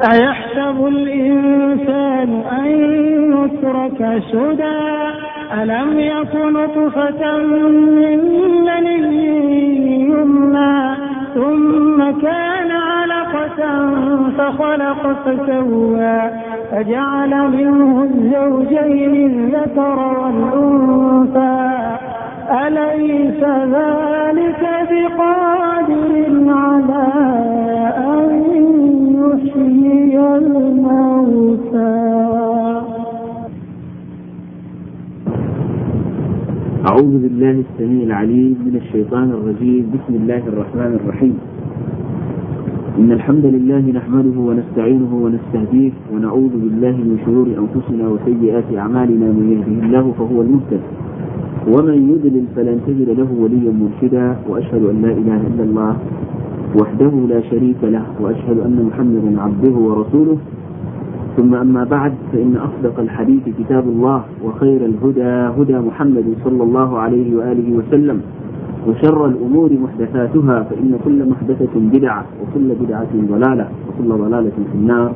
أيحسب الإنسان أن يترك سدى ألم يك نطفة من مني يمنى ثم كان علقة فخلق فسوى فجعل منه الزوجين الذكر والأنثى أليس ذلك بقادر على الموتى أعوذ بالله السميع العليم من الشيطان الرجيم بسم الله الرحمن الرحيم إن الحمد لله نحمده ونستعينه ونستهديه ونعوذ بالله من شرور أنفسنا وسيئات أعمالنا من يهده الله فهو المهتد ومن يضلل فلن تجد له وليا مرشدا وأشهد أن لا إله إلا الله وحده لا شريك له وأشهد أن محمدا عبده ورسوله ثم أما بعد فإن أصدق الحديث كتاب الله وخير الهدى هدى محمد صلى الله عليه وآله وسلم وشر الأمور محدثاتها فإن كل محدثة بدعة وكل بدعة ضلالة وكل ضلالة في النار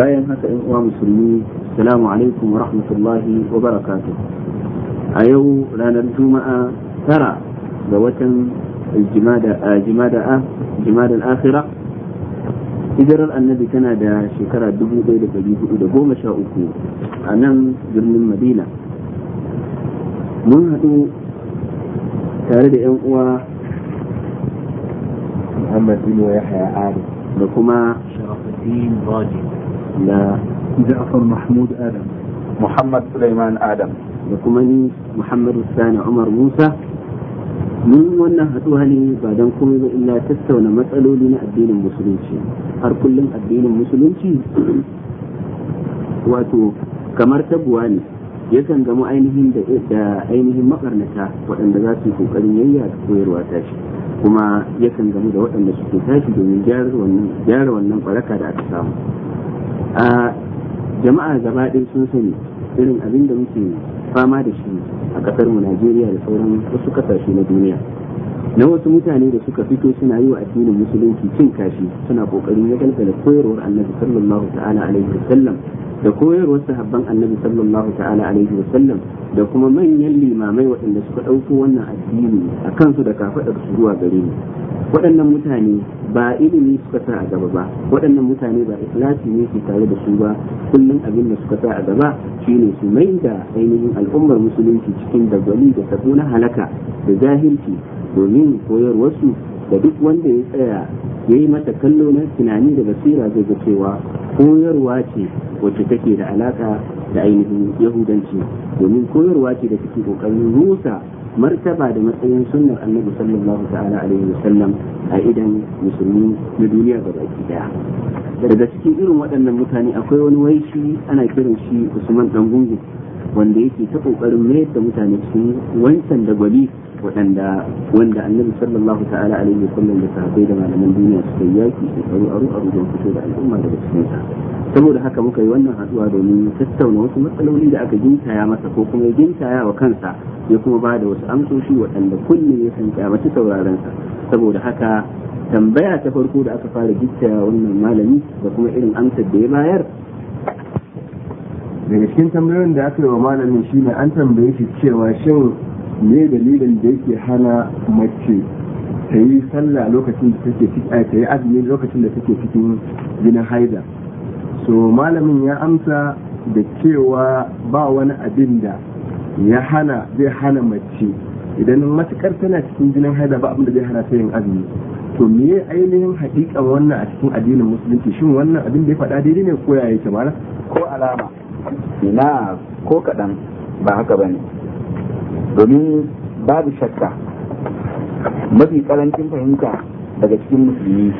لا ينهك إخوان مسلمين السلام عليكم ورحمة الله وبركاته أيو لا نرجو ترى ga الجماد آه، جماد آه، جماد الآخرة هجرة النبي كان دا شكرا دبو دايدا بجيبو دا بو شاوكو أنام جرم المدينة من هدو تارد محمد بن ويحيى عارف لكما شرف الدين راجي لا جعفر محمود آدم محمد سليمان آدم لكما محمد الثاني عمر موسى mun wannan haɗuwa ne ba don komai ba illa tattauna matsaloli na addinin musulunci har kullum addinin musulunci wato kamar tabuwa ne yakan gamu ainihin da ainihin makarnata waɗanda za su yi ƙoƙarin yayya da koyarwa ta shi kuma yakan gamu da waɗanda suke tashi domin gyara wannan baraka da aka samu a ah, jama'a gaba ɗin sun sani irin abin da muke fama da shi a kasar mu Najeriya da sauran wasu kasashe na duniya na wasu mutane da suka fito suna yi wa addinin musulunci cin kashi suna kokarin ya kalkala koyarwar annabi sallallahu ta'ala alaihi wasallam da koyarwar sahabban annabi sallallahu ta'ala alaihi wasallam da kuma manyan limamai waɗanda suka ɗauko wannan addini a kansu da kafaɗar su zuwa gare ni waɗannan mutane ba ilimi suka sa a gaba ba waɗannan mutane ba ikhlasi ne ke tare da su ba kullum abin da suka sa a gaba shine su mai da ainihin al'ummar musulunci cikin dagwali da sabo na halaka da zahilci domin yin koyarwarsu da duk wanda ya tsaya ya yi mata kallo na tunani da basira zai ga cewa koyarwa ce wacce take da alaka da ainihin yahudanci domin koyarwa ce da take kokarin rusa martaba da matsayin sunnar annabi sallallahu ta'ala alaihi wasallam a idan musulmi na duniya ga baki daya daga cikin irin waɗannan mutane akwai wani waishi ana kiran shi usman dan gungun wanda yake ta kokarin mayar da mutane cikin wancan da gwali waɗanda wanda annabi sallallahu ta'ala alaihi wasallam da sahabbai da malaman duniya suka yi yaki shekaru aru aru don fito da al'umma daga cikin sa saboda haka muka yi wannan haduwa domin tattauna wasu matsaloli da aka gintaya masa ko kuma ya gintaya wa kansa ya kuma ba da wasu amsoshi waɗanda kullum ya san kyamaci sauraron sa saboda haka tambaya ta farko da aka fara gintaya wannan malami da kuma irin amsar da ya bayar daga cikin tambayoyin da aka yi wa malamin shi ne an tambaye shi cewa shin ne dalilin da yake hana mace ta yi sallah lokacin da take ciki eh, ta yi azumi lokacin da take cikin jinin haida so malamin ya amsa da cewa ba wani abin da ya hana zai hana mace idan matukar tana cikin jinin haida ba abin da zai hana ta yin azumi to me ainihin hakikan wannan a cikin addinin musulunci shin wannan abin da ya faɗa daidai ne ko ya yake mana ko alama ina ko kaɗan ba haka ba ne domin babu shakka mafi karancin fahimta daga cikin musulmi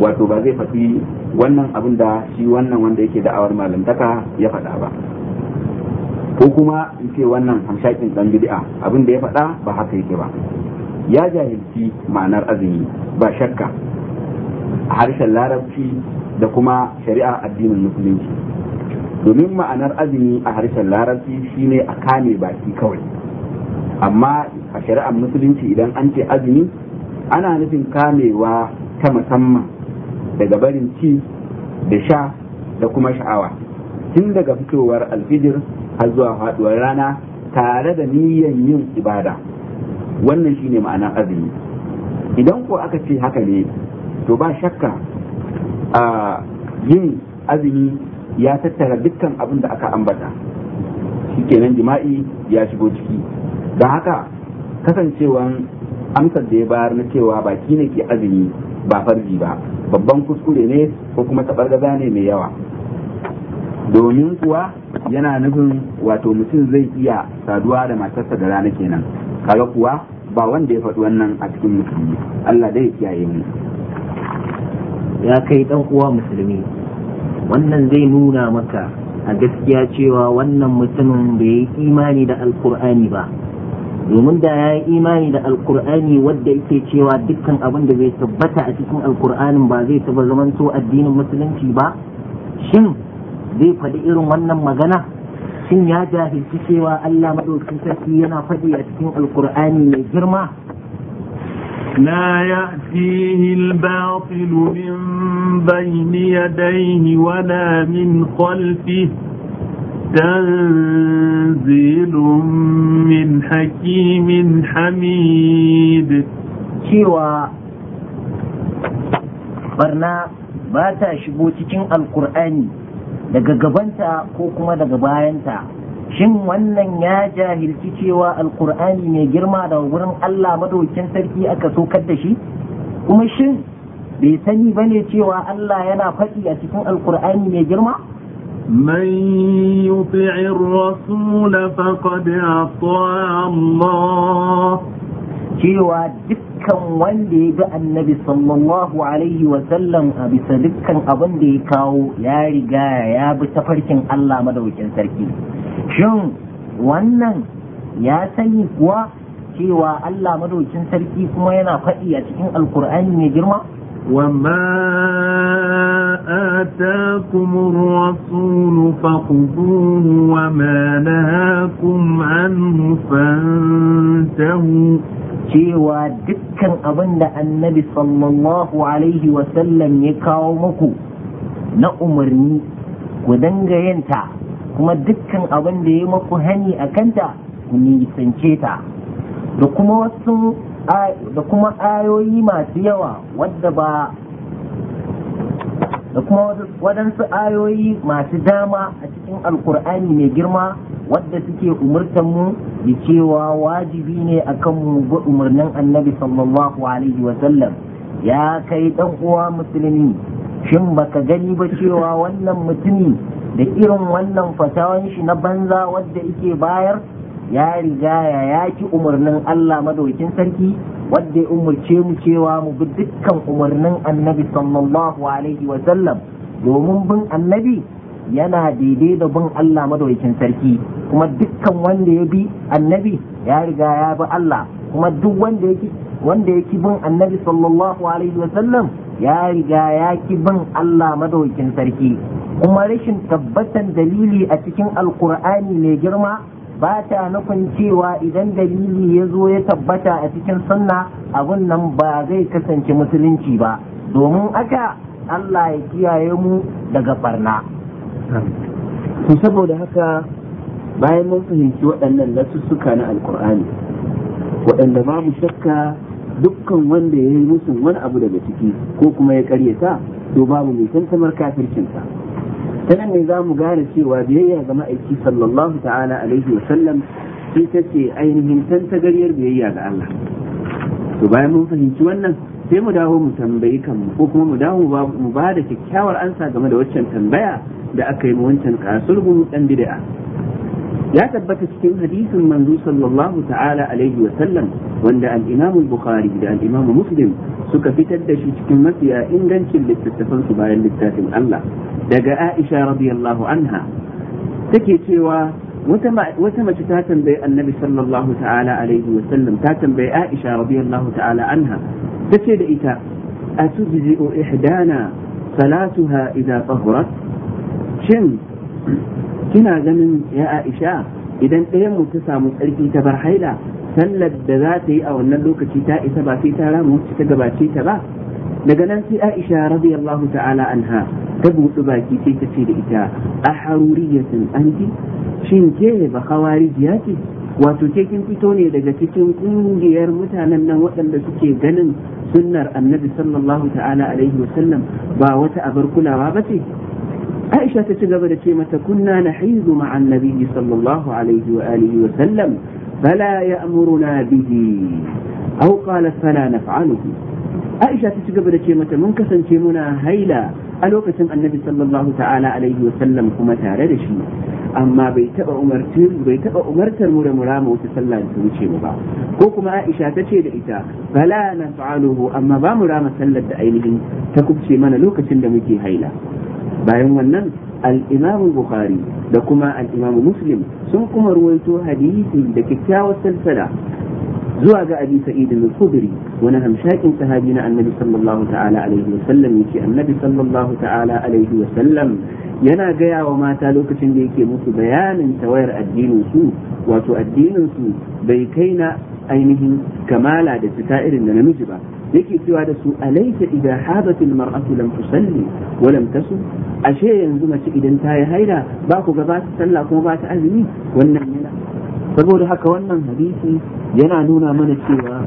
wato ba zai faɗi wannan abin da shi wannan wanda yake da'awar malantaka ya faɗa ba ko kuma in ce wannan hamshakin ɗan bid'a abin da ya faɗa ba haka yake ba ya jahilci ma'anar azumi ba shakka a harshen larabci da kuma shari'a addinin musulunci domin ma'anar azumi a harshen larabci shine a kame baki kawai amma a shari'ar musulunci idan an ce azumi ana nufin kamewa ta musamman daga barin ci da sha da kuma sha'awa tun daga fitowar alfijir har zuwa faduwar rana tare da niyyar yin ibada wannan shine ma'anar azumi idan ko aka ce haka ne to ba shakka a yin azumi ya tattara dukkan abin da aka ambata shikenan jima'i ya shigo ciki don haka kasancewan amsar da ya bayar na cewa baki ne ke azumi ba farji ba babban kuskure ne ko kuma tabargaza ne mai yawa domin kuwa yana nufin wato mutum zai iya saduwa da matarsa da rana kenan kaga kuwa ba wanda ya faɗi wannan a cikin musulmi Allah dai ya kiyaye mu ya kai ɗan uwa musulmi wannan zai nuna maka a gaskiya cewa wannan mutumin bai yi imani da alkur'ani ba domin da ya yi imani da alkur'ani wadda yake cewa dukkan abin da zai tabbata a cikin alkur'anin ba zai taba zamanto addinin musulunci ba shin zai faɗi irin wannan magana shin ya jahilci cewa allah maɗauki sarki yana faɗi a cikin alkur'ani mai girma لا يأتيه الباطل من بين يديه ولا من خلفه تنزيل من حكيم حميد cewa barna ba ta shigo cikin alkur'ani daga gabanta ko kuma daga bayanta shin wannan ya jahilci cewa alkur'ani mai girma daga wurin Allah madaukin sarki aka sokar da shi kuma shin bai sani bane cewa Allah yana faɗi a cikin alkur'ani mai girma من يطع الرسول فقد أطاع الله cewa dukkan wanda ya ga annabi sallallahu alaihi wasallam a bisa dukkan abin da ya kawo ya riga ya bi tafarkin Allah madaukin sarki shin wannan ya sani kuwa cewa Allah madaukin sarki kuma yana faɗi a cikin alkur'ani mai girma وما آتاكم الرسول فخذوه وما نهاكم عنه فانتهوا شيوا دكا أظن النبي صلى الله عليه وسلم يكاومك نأمرني ودنجا ينتع كما دكا أظن ديمك هني أكنتا ونيسنشيتا دكما وصلوا da kuma ayoyi masu yawa wadda ba da kuma waɗansu ayoyi masu dama a cikin alkur'ani mai girma wadda suke umurtan mu da cewa wajibi ne akan mu ga umarnin annabi sallallahu alaihi wasallam ya kai ɗan uwa musulmi shin baka gani ba cewa wannan mutumi da irin wannan fatawan shi na banza wadda yake bayar ya riga ya yaki umarnin Allah madaukin sarki wadda ya umarce mu cewa mu bi dukkan umarnin annabi sallallahu alaihi wa sallam domin bin annabi yana daidai da bin Allah madaukin sarki kuma dukkan wanda ya bi annabi ya riga ya bi Allah kuma duk wanda ya wanda ya bin annabi sallallahu alaihi wa sallam ya riga ya ki bin Allah madaukin sarki kuma rashin tabbatan dalili a cikin alkur'ani mai girma ba ta nufin cewa idan dalili ya zo ya tabbata a cikin sunna abun nan ba zai kasance musulunci ba domin aka Allah ya kiyaye mu daga barna. to saboda haka bayan mun fahimci waɗannan lasussuka na alkur'ani waɗanda babu shakka dukkan wanda ya yi musu wani abu daga ciki ko kuma ya karyata to babu mai tantamar kafircinsa. ta nan ne za mu gane cewa biyayya ga ma'aiki sallallahu ta'ala alaihi wa sallam ita ce ainihin tantagariyar biyayya ga Allah to bayan mun fahimci wannan sai mu dawo mu tambayi kanmu ko kuma mu dawo mu ba da kyakkyawar ansa game da waccan tambaya da aka yi mu wancan kasulgun dan bid'a ya tabbata cikin hadisin manzu sallallahu ta'ala wa sallam wanda al-Imam bukhari da al Muslim suka fitar da shi cikin mafiya ingancin littattafan bayan littafin Allah daga Aisha radiyallahu anha take cewa wata mace ta tambayi annabi sallallahu ta'ala wa sallam ta tambayi Aisha radiyallahu ta'ala anha tace da ita atujzi ihdana salatuha idza tahurat shin kina ganin ya Aisha idan ɗayan mu ta samu tsarki ta bar haila sallar da za ta yi a wannan lokaci ta isa ba sai ta ramu wacce ta gabace ta ba daga nan sai Aisha radiyallahu ta'ala anha ta buɗe baki sai ta ce da ita a haruriyatin anti shin ke ba hawarijiya ce wato ke kin fito ne daga cikin kungiyar mutanen nan waɗanda suke ganin sunnar annabi sallallahu ta'ala alaihi wasallam ba wata abar kulawa ba ce عائشة تجاوب لك كنا نحيض مع النبي صلى الله عليه وآله وسلم فلا يأمرنا به أو قالت فلا نفعله عائشة تجاوب لك متى منكسا كيمنا هيلا الوقت النبي صلى الله تعالى عليه وسلم كما تاردش أما بيت أمرتر بيت أمرتر مر مرام وتسلى أن تنشي مبا كوكما عائشة تجاوب لك فلا نفعله أما با مرام سلد أينهم تكبشي من الوقت النبي هيلا bayan wannan al'imamin bukhari da kuma al muslim sun kuma ruwaito hadisi da kyakkyawar salsala zuwa ga abi sa'id al-khudri wani hamshakin sahabi na annabi sallallahu ta'ala alaihi wa sallam yake annabi sallallahu ta'ala alaihi wa sallam yana gaya wa mata lokacin da yake musu bayanin tawayar addinin su wato addinin su bai kai na ainihin kamala da fita irin da namiji ba yake cewa da su alaysa idza habatil mar'atu lam tusalli wa lam tasu ashe yanzu mace idan ta yi haila ba ku ga ba ta sallah kuma ba ta azumi wannan yana saboda haka wannan hadisi yana nuna mana cewa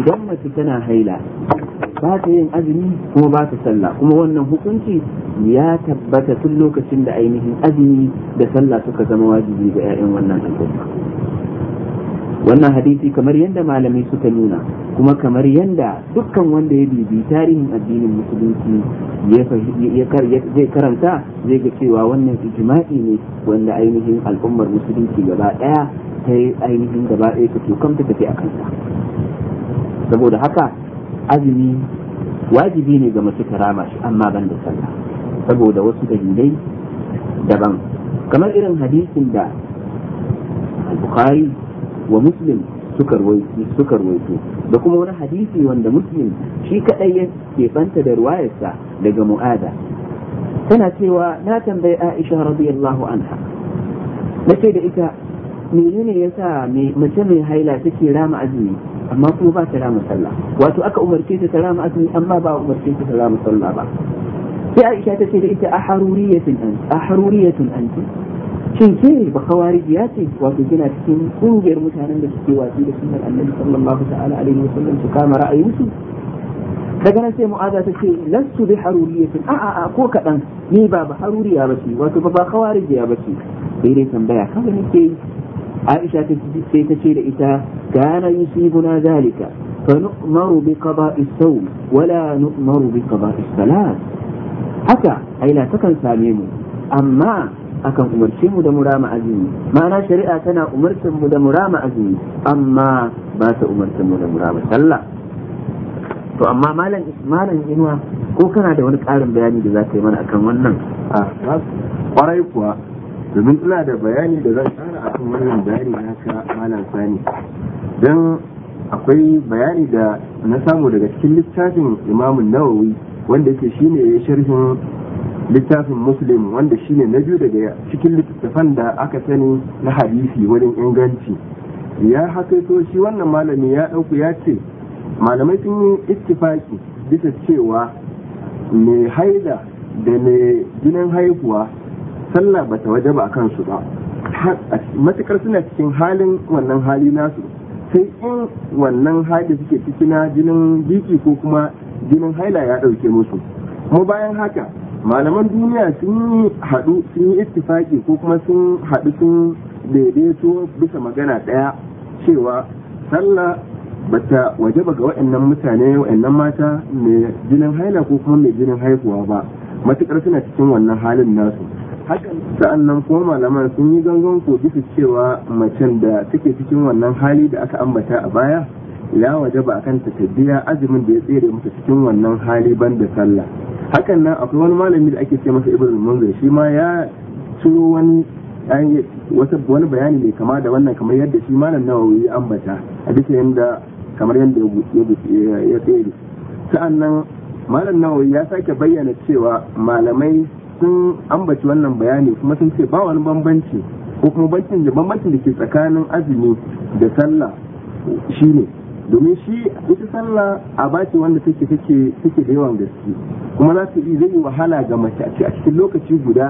idan mace tana haila ba ta yin azumi kuma ba ta sallah kuma wannan hukunci ya tabbata tun lokacin da ainihin azumi da sallah suka zama wajibi ga 'ya'yan wannan al'umma wannan hadisi kamar yadda malamai suka nuna kuma kamar yadda dukkan wanda ya bibi tarihin addinin musulunci zai karanta zai ga cewa wannan ijma'i ne wanda ainihin al'ummar musulunci gaba daya ta yi ainihin gaba daya ta kamta tafi a kansa saboda haka azumi wajibi ne ga masu karama shi amma ban da sallah saboda wasu dalilai daban kamar irin hadisin da al-bukhari wa muslim suka rawaito da kuma wani hadisi wanda muslim shi kadai ya ke keɓanta da ruwayarsa daga mu'ada tana cewa na tambayi aisha radiyallahu anha na ce da ita menene ya sa mace mai haila take rama azumi amma kuma ba ta rama sallah wato aka umarce ta rama azumi amma ba umarce ta rama sallah ba sai aisha ta ce da ita a haruriyatun anti شن كي بخوارجياتي وفي جنا كين كون غير متانا بكتي واجي لسنة النبي صلى الله تعالى عليه وسلم تقام رأي وسي دقنا سي معادة الشيء لست بحرورية أعا أقوى كأن مي باب حروري يا يابتي واتو بابا خوارج يابتي بيري سنبايا خبر كي عائشة تسي تشير إتا كان يصيبنا ذلك فنؤمر بقضاء الصوم ولا نؤمر بقضاء الصلاة حتى أي لا تكن ساميمو أما akan umarci mu da murama azumi ma'ana shari'a tana umarcin mu da murama azumi amma ba ta umarcin mu da murama sallah to amma malam malam inuwa ko kana da wani ƙarin bayani da za ka yi mana akan wannan a kwarai kuwa domin ina da bayani da zan kara akan wannan bayani ka malam sani dan akwai bayani da na samu daga cikin littafin imamu nawawi wanda yake shine ya sharhin littafin muslim wanda shine na biyu daga cikin littattafan da aka sani na hadisi wurin inganci ya hakaito shi wannan malami ya ɗauku ya ce malamai sun yi ittifaki bisa cewa mai haida da mai jinin haihuwa sallah ta waje ba kansu ba matukar suna cikin halin wannan hali nasu sai in wannan hali suke ciki na jinin biki ko kuma jinin haila ya ɗauke musu kuma bayan haka malaman duniya sun yi haɗu sun yi ittifaki ko kuma sun haɗu sun daidaito bisa magana ɗaya cewa sallah bata waje ba ga waɗannan mutane waɗannan mata mai jinin haila ko kuma mai jinin haihuwa ba matuƙar suna cikin wannan halin nasu hakan sa'an nan kuma malaman sun yi gangan ko bisa cewa macen da take cikin wannan hali da aka ambata a baya ya wajaba akan ta tabbiya azumin da ya tsere mata cikin wannan hali banda sallah hakan nan akwai wani malami da ake ce masa ibn munzir shi ma ya ciro wani wani bayani ne kama da wannan kamar yadda shi malam nawawi ya ambata a bisa yadda kamar yadda ya tsere sa'annan nan malam nawawi ya sake bayyana cewa malamai sun ambaci wannan bayani kuma sun ce ba wani bambanci ko kuma bambancin da bambancin da ke tsakanin azumi da sallah shine domin shi ita sallah a baki wanda take take take da yawan gaske kuma za ta yi zai wahala ga mace a cikin lokaci guda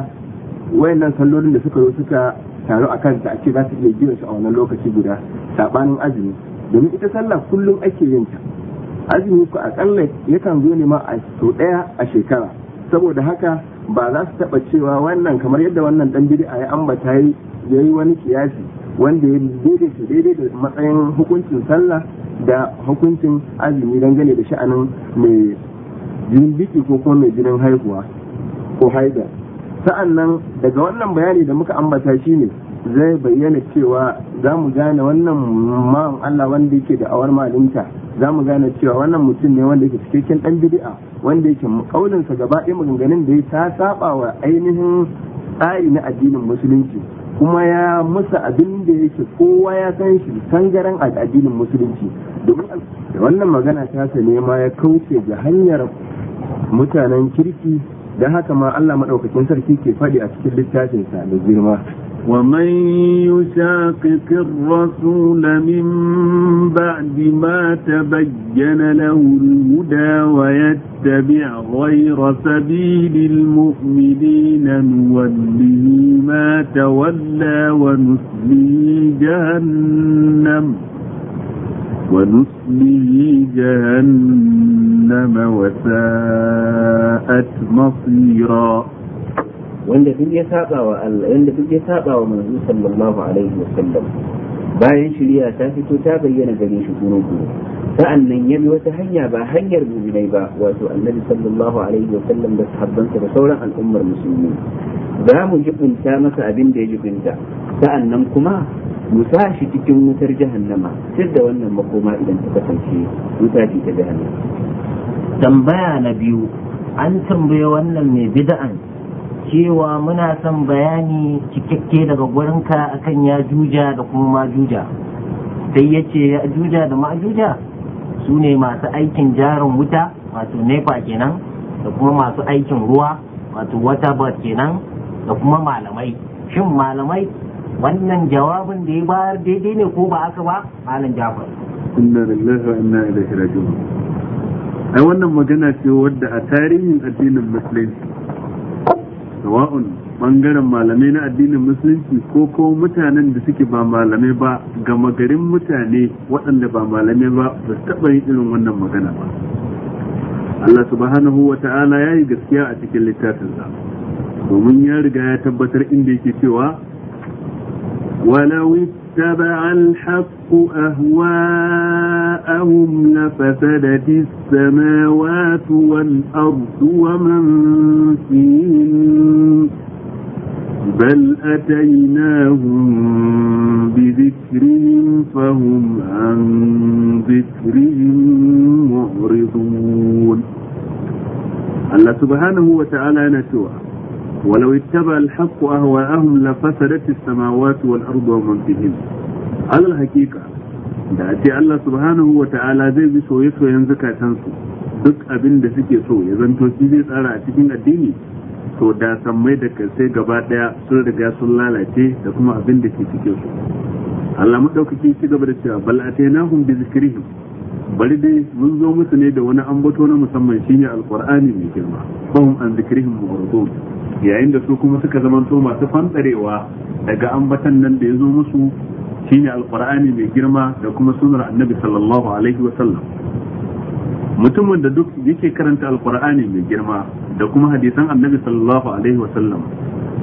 wayannan sallolin da suka zo suka taru a kanta a ce za ta iya biyan su a wannan lokaci guda sabanin azumi domin ita sallah kullum ake yin ta azumi ku akalla yakan zo ne ma a sau daya a shekara saboda haka ba za su taba cewa wannan kamar yadda wannan dan bid'a ya ambata yayi wani kiyasi wanda ya daidaita daidai da matsayin hukuncin sallah da hukuncin azumi dangane da sha'anin mai jinin biki ko kuma mai jinin haihuwa ko haida sa'annan daga wannan bayani da muka ambata shi ne, zai bayyana cewa za mu gane wannan ma'an Allah wanda yake da awar malinta za mu gane cewa wannan mutum ne wanda yake cikakken dan bid'a wanda yake kaulinsa gaba ɗaya maganganun da ya ta saɓa wa ainihin tsari na addinin musulunci kuma ya musa abin da yake kowa ya san shi tangaren addinin musulunci domin wannan magana ta sa ne ya kauce ga hanyar mutanen kirki da haka ma Allah maɗaukakin sarki ke faɗi a cikin littafinsa da girma ومن يشاقق الرسول من بعد ما تبين له الهدى ويتبع غير سبيل المؤمنين نوله ما تولى ونسله جهنم ونسله جهنم وساءت مصيرا wanda duk ya saba wa Allah wanda duk ya saba wa manzo sallallahu alaihi wasallam bayan shirya ta fito ta bayyana gare shi guru guru sa'annan ya bi wata hanya ba hanyar mu'minai ba wato annabi sallallahu alaihi wasallam da sahabbansa da sauran al'ummar musulmi za mu jibinta masa abin da ya jibinta sa'annan kuma mu sa shi cikin wutar jahannama duk da wannan makoma idan ta kasance wuta ce ta jahannama tambaya na biyu an tambaye wannan mai bida'an. cewa muna son bayani cikakke daga gurinka akan ya juja da kuma majuja sai ya ce ya juja da majuja su ne masu aikin jarin wuta wato nepa kenan da kuma masu aikin ruwa wato waterbird kenan da kuma malamai shin malamai wannan jawabin da ya bayar daidai ne ko ba aka ba malam jafar inna lillahi wa inna ilaihi raji'un ai wannan magana ce wadda a tarihin addinin musulunci sawa'un bangaren malamai na addinin musulunci ko ko mutanen da suke ba malamai ba gama garin mutane waɗanda ba malamai ba ba su taɓa yin irin wannan magana ba Allah subhanahu wa ta'ala ya yi gaskiya a cikin littafinsa domin ya riga ya tabbatar inda yake cewa ولو اتبع الحق أهواءهم لفسدت السماوات والأرض ومن فيهن بل أتيناهم بذكرهم فهم عن ذكرهم معرضون الله سبحانه وتعالى نتوى ولو اتبع الحق أهواءهم لفسدت السماوات والأرض ومن فيهن على الحقيقة da a ce Allah subhanahu wa ta'ala zai bi soye-soyen zukatansu duk abin da suke so ya zanto shi zai tsara a cikin addini to da sammai da sai gaba daya sun riga sun lalace da kuma abin da ke cikin su Allah madaukaki ci gaba da cewa bal atainahum bi zikrihim bari dai mun zo musu ne da wani ambato na musamman shine alqur'ani mai girma fahum an zikrihim mu'ridun yayin da su kuma suka zamanto masu fantarewa daga ambatan nan da ya zo musu shine alqur'ani mai girma da kuma sunnar annabi sallallahu alaihi wa sallam mutumin da duk yake karanta alqur'ani mai girma da kuma hadisan annabi sallallahu alaihi wa sallam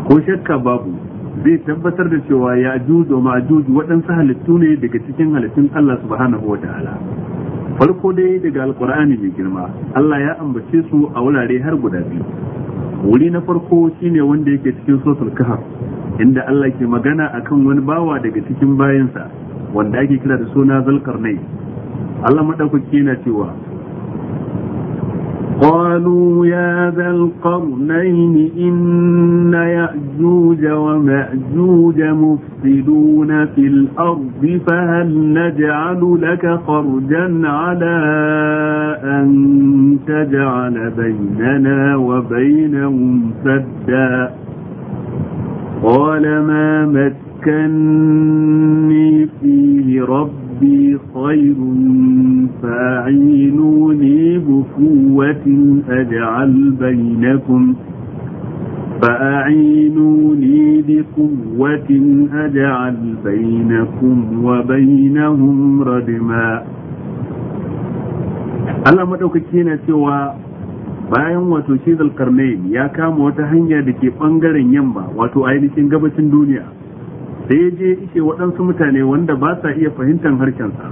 ko shakka babu zai tabbatar da cewa ya juzo ma juju waɗansu halittu ne daga cikin halittun Allah subhanahu wa ta'ala farko dai daga alkur'ani mai girma Allah ya ambace su a wurare har guda biyu wuri na farko shine wanda yake cikin sotul kahf inda Allah ke magana akan wani bawa daga cikin bayansa wanda ake kira da suna zalkarnai Allah madaukaki yana cewa قالوا يا ذا القرنين إن يأجوج ومأجوج مفسدون في الأرض فهل نجعل لك خرجا على أن تجعل بيننا وبينهم سدا قال ما مكني فيه ربي ربي خير فأعينوني بقوة أجعل بينكم فأعينوني بقوة أجعل بينكم وبينهم ردما Allah maɗaukaki na cewa bayan wato shi zalkarnain ya kama wata hanya da ke bangaren yamma wato ainihin gabacin duniya sai ya je yake waɗansu mutane wanda ba sa iya fahimtar harshensa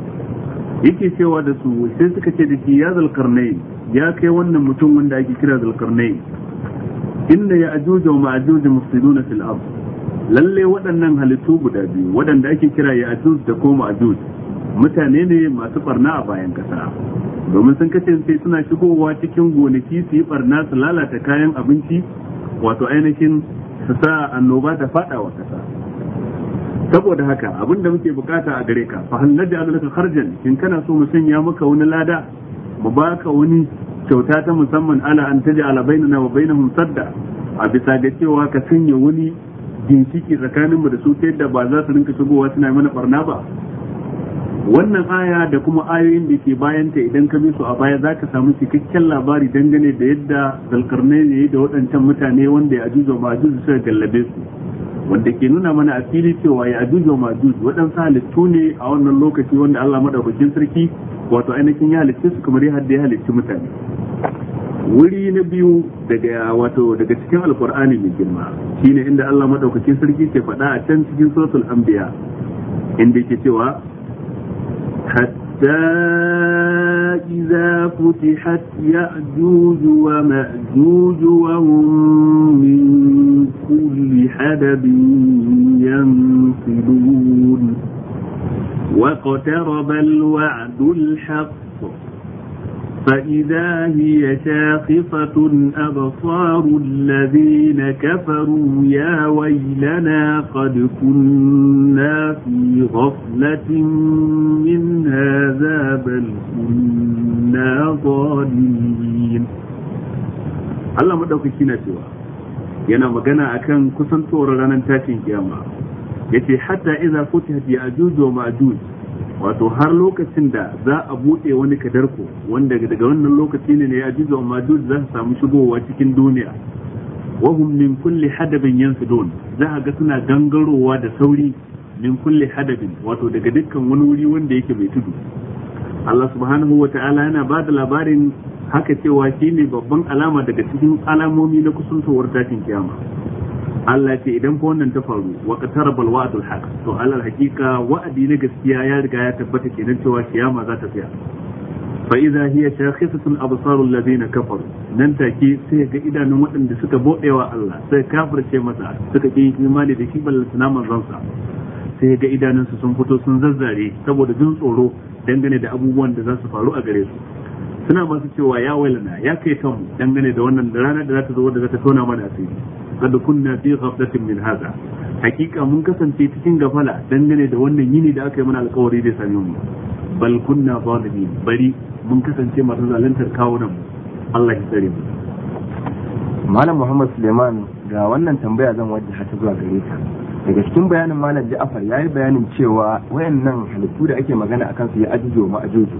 yake cewa da su sai suka ce da ya zalkarnai ya kai wannan mutum wanda ake kira zalkarnai inda ya ajuja wa ma'ajuja mufsiduna fil ard lalle waɗannan halittu guda biyu waɗanda ake kira ya ajuj da ko ma'ajuj mutane ne masu barna a bayan kasa domin sun kasance suna shigowa cikin gonaki su yi barna su lalata kayan abinci wato ainihin su sa annoba ta faɗawa wa kasa saboda haka abin da muke bukata a gare ka fa hannar da alaka kharjan in kana so mu sanya maka wani lada mu baka wani kyauta ta musamman ala an taji ala bainana wa bainahum sadda a bisa ga cewa ka sanya wani ginshiki tsakanin mu da su ta yadda ba za su rinka shigowa suna mana barna ba wannan aya da kuma ayoyin da ke bayanta idan ka bi su a baya za ka samu cikakken labari dangane da yadda zalkarnai ne yi da waɗancan mutane wanda ya ajuzo ma ajuzo suka gallabe su wanda ke nuna mana a fili cewa ya ajuzo ma ajuzo waɗansu halittu ne a wannan lokaci wanda Allah maɗaukakin sarki wato ainihin ya halitta su kamar yadda ya halitta mutane wuri na biyu daga wato daga cikin alkur'ani mai girma shine inda Allah maɗaukakin sarki ke faɗa a can cikin suratul anbiya inda ke cewa حتى إذا فتحت يأجوج ومأجوج وهم من كل حدب ينصلون واقترب الوعد الحق فإذا هي شاخصة أبصار الذين كفروا يا ويلنا قد كنا في غفلة من هذا بل كنا ظالمين الله مدوك كينا سوا ينا مغانا أكان كسان تورا لنا نتاكي حتى إذا فتحت يأجوج ومأجوج wato har lokacin da za a buɗe wani kadarko wanda daga wannan lokaci ne ne ya ji zuwa majus za su samu shigowa cikin duniya wahum min kulli hadabin yansudun za a ga suna gangarowa da sauri min kulli hadabin wato daga dukkan wani wuri wanda yake bai tudu Allah subhanahu wa ta'ala yana ba da labarin haka cewa shi ne babban alama daga cikin alamomi na kusuntowar tashin kiyama Allah ce idan ko wannan ta faru wa rabal alwa'dul haqq to alal hakika wa'adi na gaskiya ya riga ya tabbata kenan cewa kiyama za ta tsaya fa idza hiya shakhisatun absar alladhina kafaru nan take sai ga idanun waɗanda suka bodewa Allah sai kafirce masa suka yi imani da shi ballantana manzon Su sai ga idanunsu sun fito sun zazzare saboda jin tsoro dangane da abubuwan da za su faru a gare su suna masu cewa ya wailana ya kai kanmu dangane da wannan rana da za ta zo da za ta tona mana asiri qad kunna fi ghaflatin min hadha hakika mun kasance cikin gafala dangane da wannan yini da aka yi mana alƙawari da same mu bal kunna zalimin bari mun kasance masu zaluntar kawunan mu Allah ya tsare mu Malam Muhammad Suleiman ga wannan tambaya zan wajja ta zuwa gare ka daga cikin bayanin Malam Ja'far yayi bayanin cewa wayannan halittu da ake magana akan su ya ajuju ma ajuju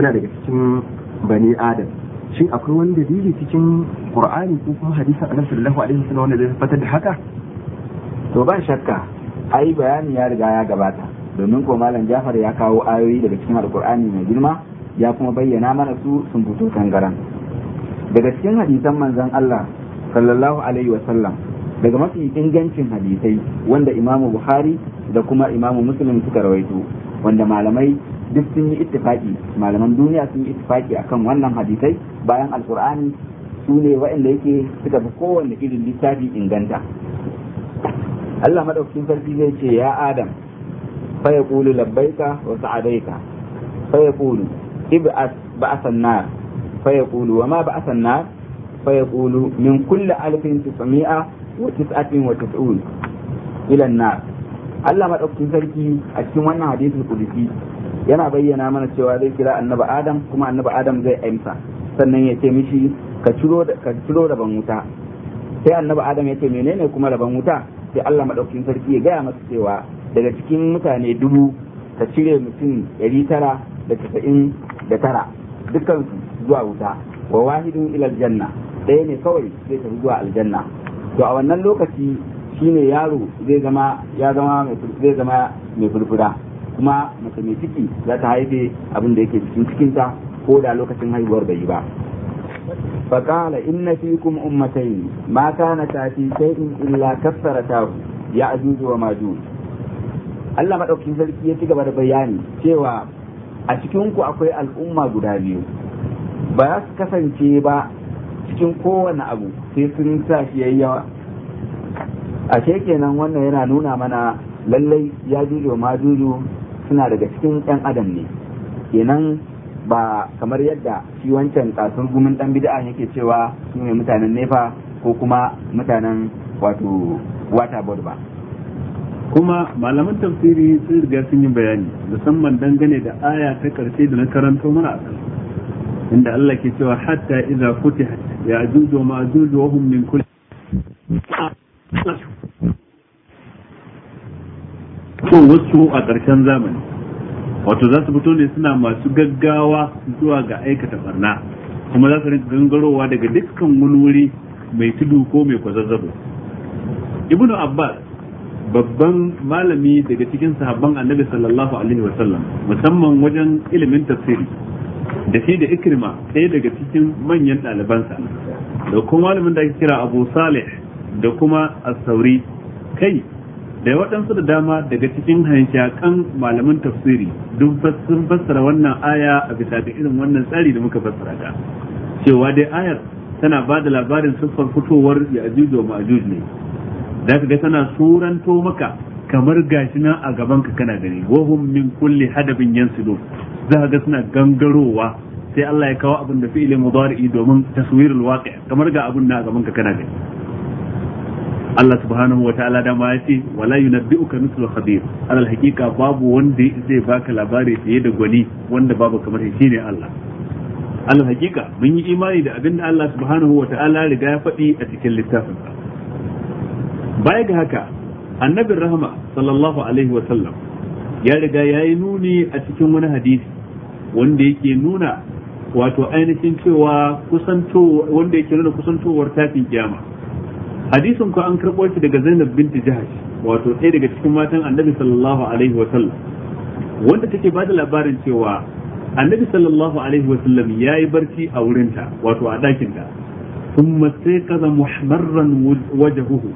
suna daga cikin bani Adam shin akwai wani dalili cikin qur'ani ko kuma hadisin annabi sallallahu alaihi wasallam wanda zai da haka to ba shakka ai bayani ya riga ya gabata domin ko malam Jafar ya kawo ayoyi daga cikin alqur'ani mai girma ya kuma bayyana mana su sun fito tangaran daga cikin hadisan manzon Allah sallallahu alaihi wasallam daga mafi ingancin hadisai wanda imamu buhari da kuma imamu muslim suka rawaito wanda malamai duk sun yi ittifaki malaman duniya sun yi ittifaki akan wannan hadisai bayan alkur'ani su ne waɗanda yake suka fi kowanne irin littafi inganta Allah madaukakin sarki zai ce ya adam fa yaqulu labbaika wa sa'adaika fa yaqulu ib'as ba'asan nar fa yaqulu wa ma ba'asan nar fa yaqulu min kulli alfin tis'mi'a wa tis'atin wa tis'un ila an-nar Allah madaukakin sarki a cikin wannan hadisin kudusi yana bayyana mana cewa zai kira annabi adam kuma annabi adam zai amsa sannan ya ce mishi ka ciro ka ciro rabon wuta sai annabi adam ya ce menene kuma rabon wuta sai Allah madaukakin sarki ya gaya masa cewa daga cikin mutane dubu ka cire mutum ɗari tara da casa'in da tara dukkan zuwa wuta wa wahidun ilal janna ɗaya ne kawai zai tafi zuwa aljanna to a wannan lokaci shine yaro zai zama ya zama zai zama mai furfura kuma mace mai ciki za ta haife abin da yake cikin cikinta ko da lokacin haihuwar bai yi ba فقال إن فيكم أمتين illa kassara ta شيء ya ajuju wa وماجوج Allah maɗauki sarki ya ci gaba da bayani cewa a cikinku akwai al'umma guda biyu ba za su kasance ba cikin kowane abu sai sun sa shi yawa. a kenan wannan yana nuna mana lallai ya juju majuju suna daga cikin ɗan adam ne kenan ba kamar yadda shi wancan tsatsun gumin ɗan bid'a yake cewa su ne mutanen nefa ko kuma mutanen wato waterboard ba kuma malaman tafsiri sun riga sun yi bayani musamman dangane da aya ta karshe da na karanto mana a inda Allah ke cewa hatta idza futihat ya wa ma'juju wa hum min kulli to wasu a ƙarshen zamani wato za su fito ne suna masu gaggawa zuwa ga aikata barna kuma za su rinka gangarowa daga dukkan wani wuri mai tudu ko mai kwazazzabo ibnu abbas babban malami daga cikin sahabban annabi sallallahu alaihi wa musamman wajen ilimin tafsiri da shi da ikrima ɗaya daga cikin manyan ɗalibansa da kuma malamin da ake kira abu salih da kuma as-sauri kai da waɗansu da dama daga cikin hanshakan malaman tafsiri duk sun fassara wannan aya a bisa da irin wannan tsari da muka fassara ta cewa dai ayar tana ba da labarin siffar fitowar ya ajuju wa ma'ajuj ne za ka ga tana suranto maka kamar gashi nan a gaban ka kana gani wahum min kulli hadabin yansidu za ka ga suna gangarowa sai Allah ya kawo abin da fi'ilin mudari'i domin taswirul waqi' kamar ga abin na gaban ka kana gani Allah subhanahu wa ta'ala dama ya ce wala yunabbi'uka mithlu khabir alal haqiqa babu wanda zai baka labari fiye da gwani wanda babu kamar shi ne Allah alal haqiqa mun yi imani da abin da Allah subhanahu wa ta'ala riga ya faɗi a cikin littafin baya ga haka annabin rahama sallallahu alaihi wa sallam ya riga ya yi nuni a cikin wani hadisi wanda yake nuna wato ainihin cewa kusanto wanda yake nuna kusantowar tafin kiyama hadisin ko an karɓo shi daga Zainab binti Jahash wato ɗaya daga cikin matan Annabi sallallahu alaihi wa sallam wanda take ba da labarin cewa Annabi sallallahu alaihi wa sallam yayi barci a wurinta wato a ɗakin ta thumma sayqaza muhmarran wajhuhu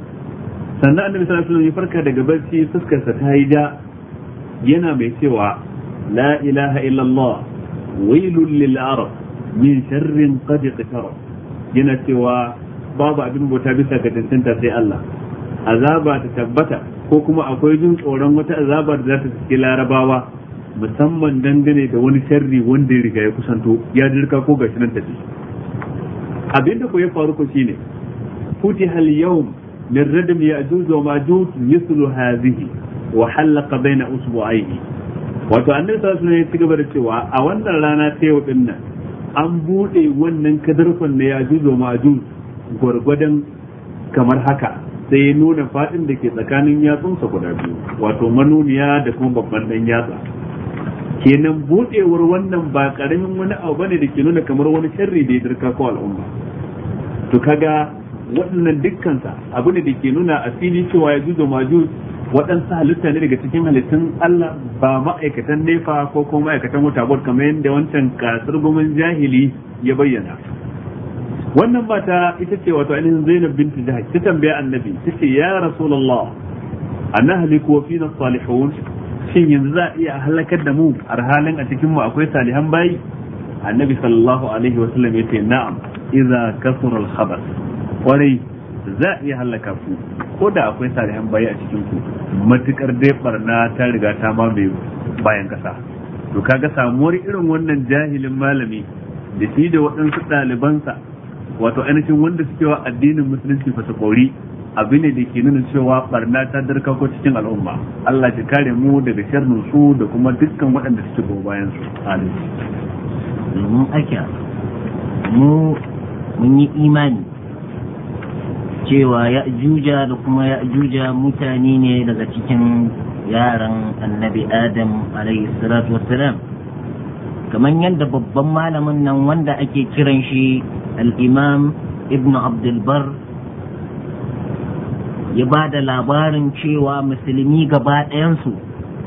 sannan Annabi sallallahu alaihi wa sallam ya farka daga barci fuskarsa ta yi da yana mai cewa la ilaha illallah wailul lil arab min sharrin qad iqtara yana cewa babu abin bauta bisa ga tantanta sai Allah azaba ta tabbata ko kuma akwai jin tsoron wata azabar da za ta cike larabawa musamman dangane da wani sharri wanda ya riga ya kusanto ya dirka ko gashi nan tafi abin da ku ya faru ku shine futi hal yawm min radm ya'juj wa majuj yuslu hadhihi wa halaqa baina usbu'aihi wato annabi sallallahu alaihi wasallam ya ci da cewa a wannan rana ta yau dinnan, an bude wannan kadarfan na ya'juj wa majuj gwargwadon kamar haka sai ya nuna fadin da ke tsakanin yatsunsa guda biyu wato manuniya da kuma babban dan yatsa kenan buɗewar wannan ba karamin wani abu bane da ke nuna kamar wani sharri da ya dirka ko al'umma to kaga waɗannan dukkansa abu ne da ke nuna asili cewa ya juzo majus waɗansu halitta ne daga cikin halittun Allah ba ma'aikatan nefa ko kuma ma'aikatan wuta kamar yadda wancan kasar gomin jahili ya bayyana wannan mata ita ce wato ainihin Zainab binti Jahash ta tambaya annabi ce ya Rasulullah anahliku wa fina salihun shin yanzu za iya halakar da mu arhalin a cikin mu akwai salihan bayi annabi sallallahu alaihi wa sallam yace na'am idza kasura al khabath kwarai za iya halaka ku ko da akwai salihan bayi a cikin ku matukar dai barna ta riga ta mamaye bayan kasa to kaga samuwar irin wannan jahilin malami da shi da waɗansu ɗalibansa wato ainihin wanda suke wa addinin musulunci ba su kori abu ne da ke nuna cewa barna ta darka ko cikin al'umma Allah ya kare mu daga sharrin su da kuma dukkan waɗanda suke go bayan su amin domin aka mu mun yi imani cewa ya juja da kuma ya juja mutane ne daga cikin yaran annabi adam alayhi salatu wassalam kamar yadda babban malamin nan wanda ake kiran shi al'imam ibn abdulbar ya ba da labarin cewa musulmi gaba ɗayansu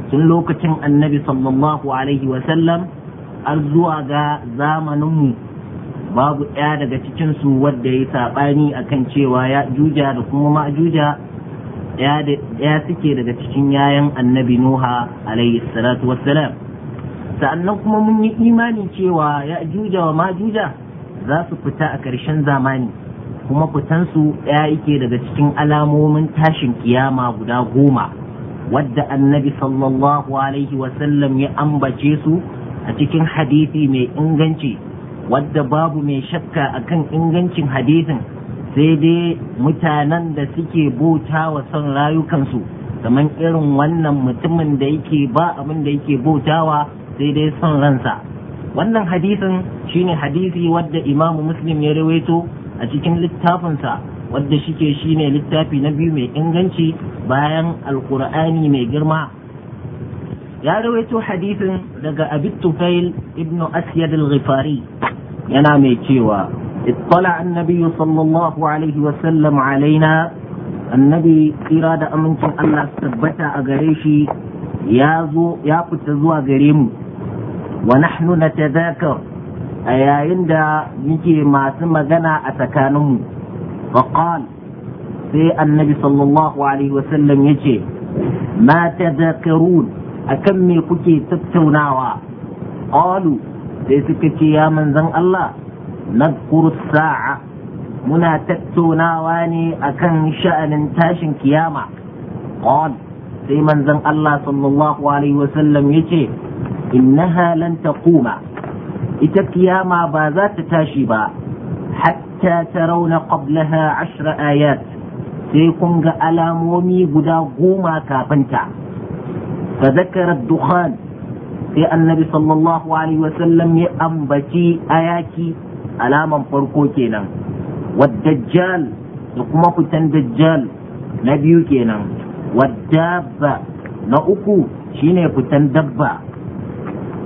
tun lokacin annabi sallallahu alaihi wasallam har zuwa ga zamaninmu babu ɗaya daga cikinsu wadda ya saɓani akan cewa ya juja da kuma ma juja ɗaya suke daga cikin yayan annabi nuha alaihi salatu wassalam sa'annan kuma mun yi imani cewa ya juja wa ma juja za su fita a ƙarshen zamani kuma fitansu ɗaya yake daga cikin alamomin tashin kiyama guda goma wadda annabi sallallahu alaihi wasallam ya ambace su a cikin hadithi mai inganci wadda babu mai shakka kan ingancin hadithin sai dai mutanen da suke bauta wa son rayukansu kamar irin wannan mutumin da yake ba abin da yake bautawa sai dai son ransa wannan hadisin shine hadisi wadda imamu muslim ya rawaito a cikin littafinsa wadda shike shine littafi na biyu mai inganci bayan alkur'ani mai girma ya rawaito hadisin daga abid tufail ibn asyad al-ghifari yana mai cewa اطلع النبي صلى الله عليه وسلم علينا النبي إرادة أمنكم أن أثبت أغريشي يا زو يا قد أغريمو wa nahnu natadhakar a yayin da yake masu magana a tsakanin mu qal sai annabi sallallahu alaihi wasallam yace ma tadhakarun akan me kuke tattaunawa qalu sai suka ce ya manzon Allah nadkuru sa'a muna tattaunawa ne akan sha'anin tashin kiyama qal sai manzan Allah sallallahu alaihi wasallam yace innaha lan taquma ita kiyama ba za ta tashi ba hatta ta rauna qablaha ashra ayat sai kun ga alamomi guda goma kafinta fa zakara dukhan sai annabi sallallahu alaihi wasallam ya ambaci ayaki alaman farko kenan wadajjal da kuma fitan dajjal na biyu kenan wadabba na uku shine fitan dabba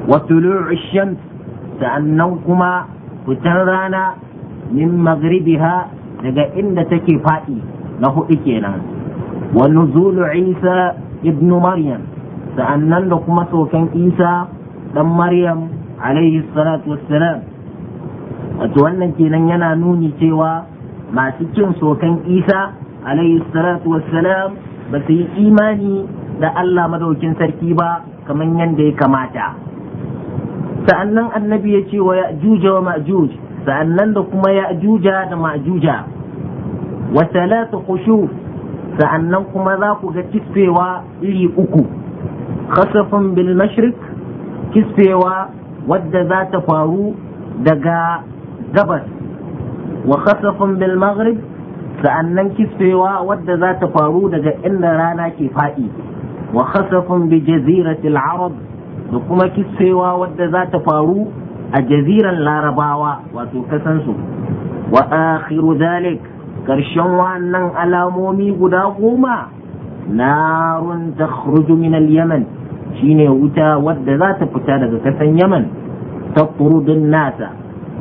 wa tulu'u shams sa'annan kuma fitar rana min maghribiha daga inda take faɗi na hudu kenan wa nuzulu isa ibnu maryam sa'annan da kuma sokan isa dan maryam alaihi salatu wassalam wato wannan kenan yana nuni cewa masu cin sokan isa alaihi salatu wassalam ba su yi imani da allah madaukin sarki ba kamar yadda ya kamata sa'annan annabi ya ce wa ya'juja wa ma'juj sa'annan da kuma ya'juja da ma'juja wa salatu khushu sa'annan kuma za ku ga kisfewa iri uku khasafin bil mashriq kisfewa wadda za ta faru daga gabas wa khasafin bil maghrib sa'annan kisfewa wadda za ta faru daga inda rana ke faɗi wa khasafin bi jaziratil arab da kuma kitsewa wadda za ta faru a jaziran larabawa wato kasansu wa akhiru zalik karshen wannan alamomi guda goma narun ta min al-yaman shine wuta wadda za ta fita daga kasan yaman ta turudun nasa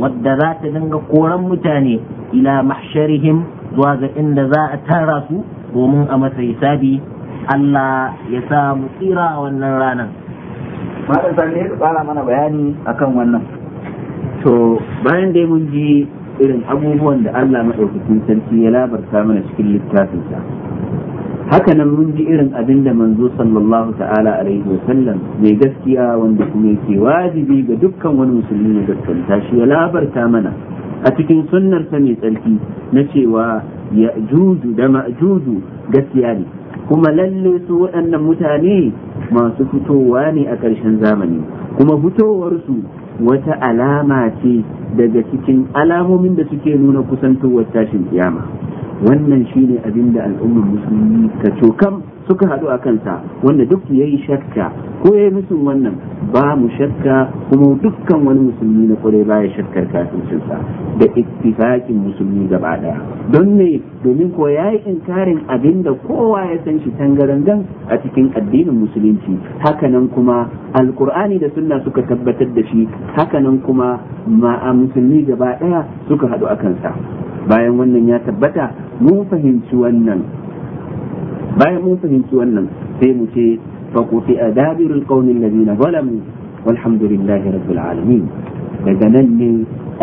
wadda za ta dinga koran mutane ila mahsharihim zuwa ga inda za a tara su domin a masa hisabi Allah ya sa mu tsira wannan ranar malam sani ya tsara mana bayani akan wannan to bayan dai mun ji irin abubuwan da Allah maɗaukakin sarki ya labarta mana cikin littafinsa haka nan mun ji irin abin da manzo sallallahu ta'ala alaihi sallam mai gaskiya wanda kuma yake wajibi ga dukkan wani musulmi ne gaskanta shi ya labarta mana a cikin sunnar sa mai tsarki na cewa ya juju da ma'juju gaskiya ne kuma lalle su waɗannan mutane masu fitowa ne a ƙarshen zamani kuma fitowarsu wata alama ce daga cikin alamomin da suke nuna kusantowar tashin kiyama wannan shine abin da al'ummar musulmi ka cokam suka haɗu a kansa wanda duk ya yi shakka ko ya yi musun wannan ba mu shakka kuma dukkan wani musulmi na kwarai ba ya shakkar kafincinsa da ittifakin musulmi gaba ɗaya don ne domin ko ya yi inkarin abin da kowa ya san shi tangarangan a cikin addinin musulunci hakanan kuma alkur'ani da sunna suka tabbatar da shi hakanan kuma ma'a musulmi gaba ɗaya suka haɗu a kansa bayan wannan ya tabbata mun fahimci wannan bayan mun fahimci wannan sai mu ce faquti adabirul qawmi alladhina zalamu walhamdulillahi rabbil alamin daga nan ne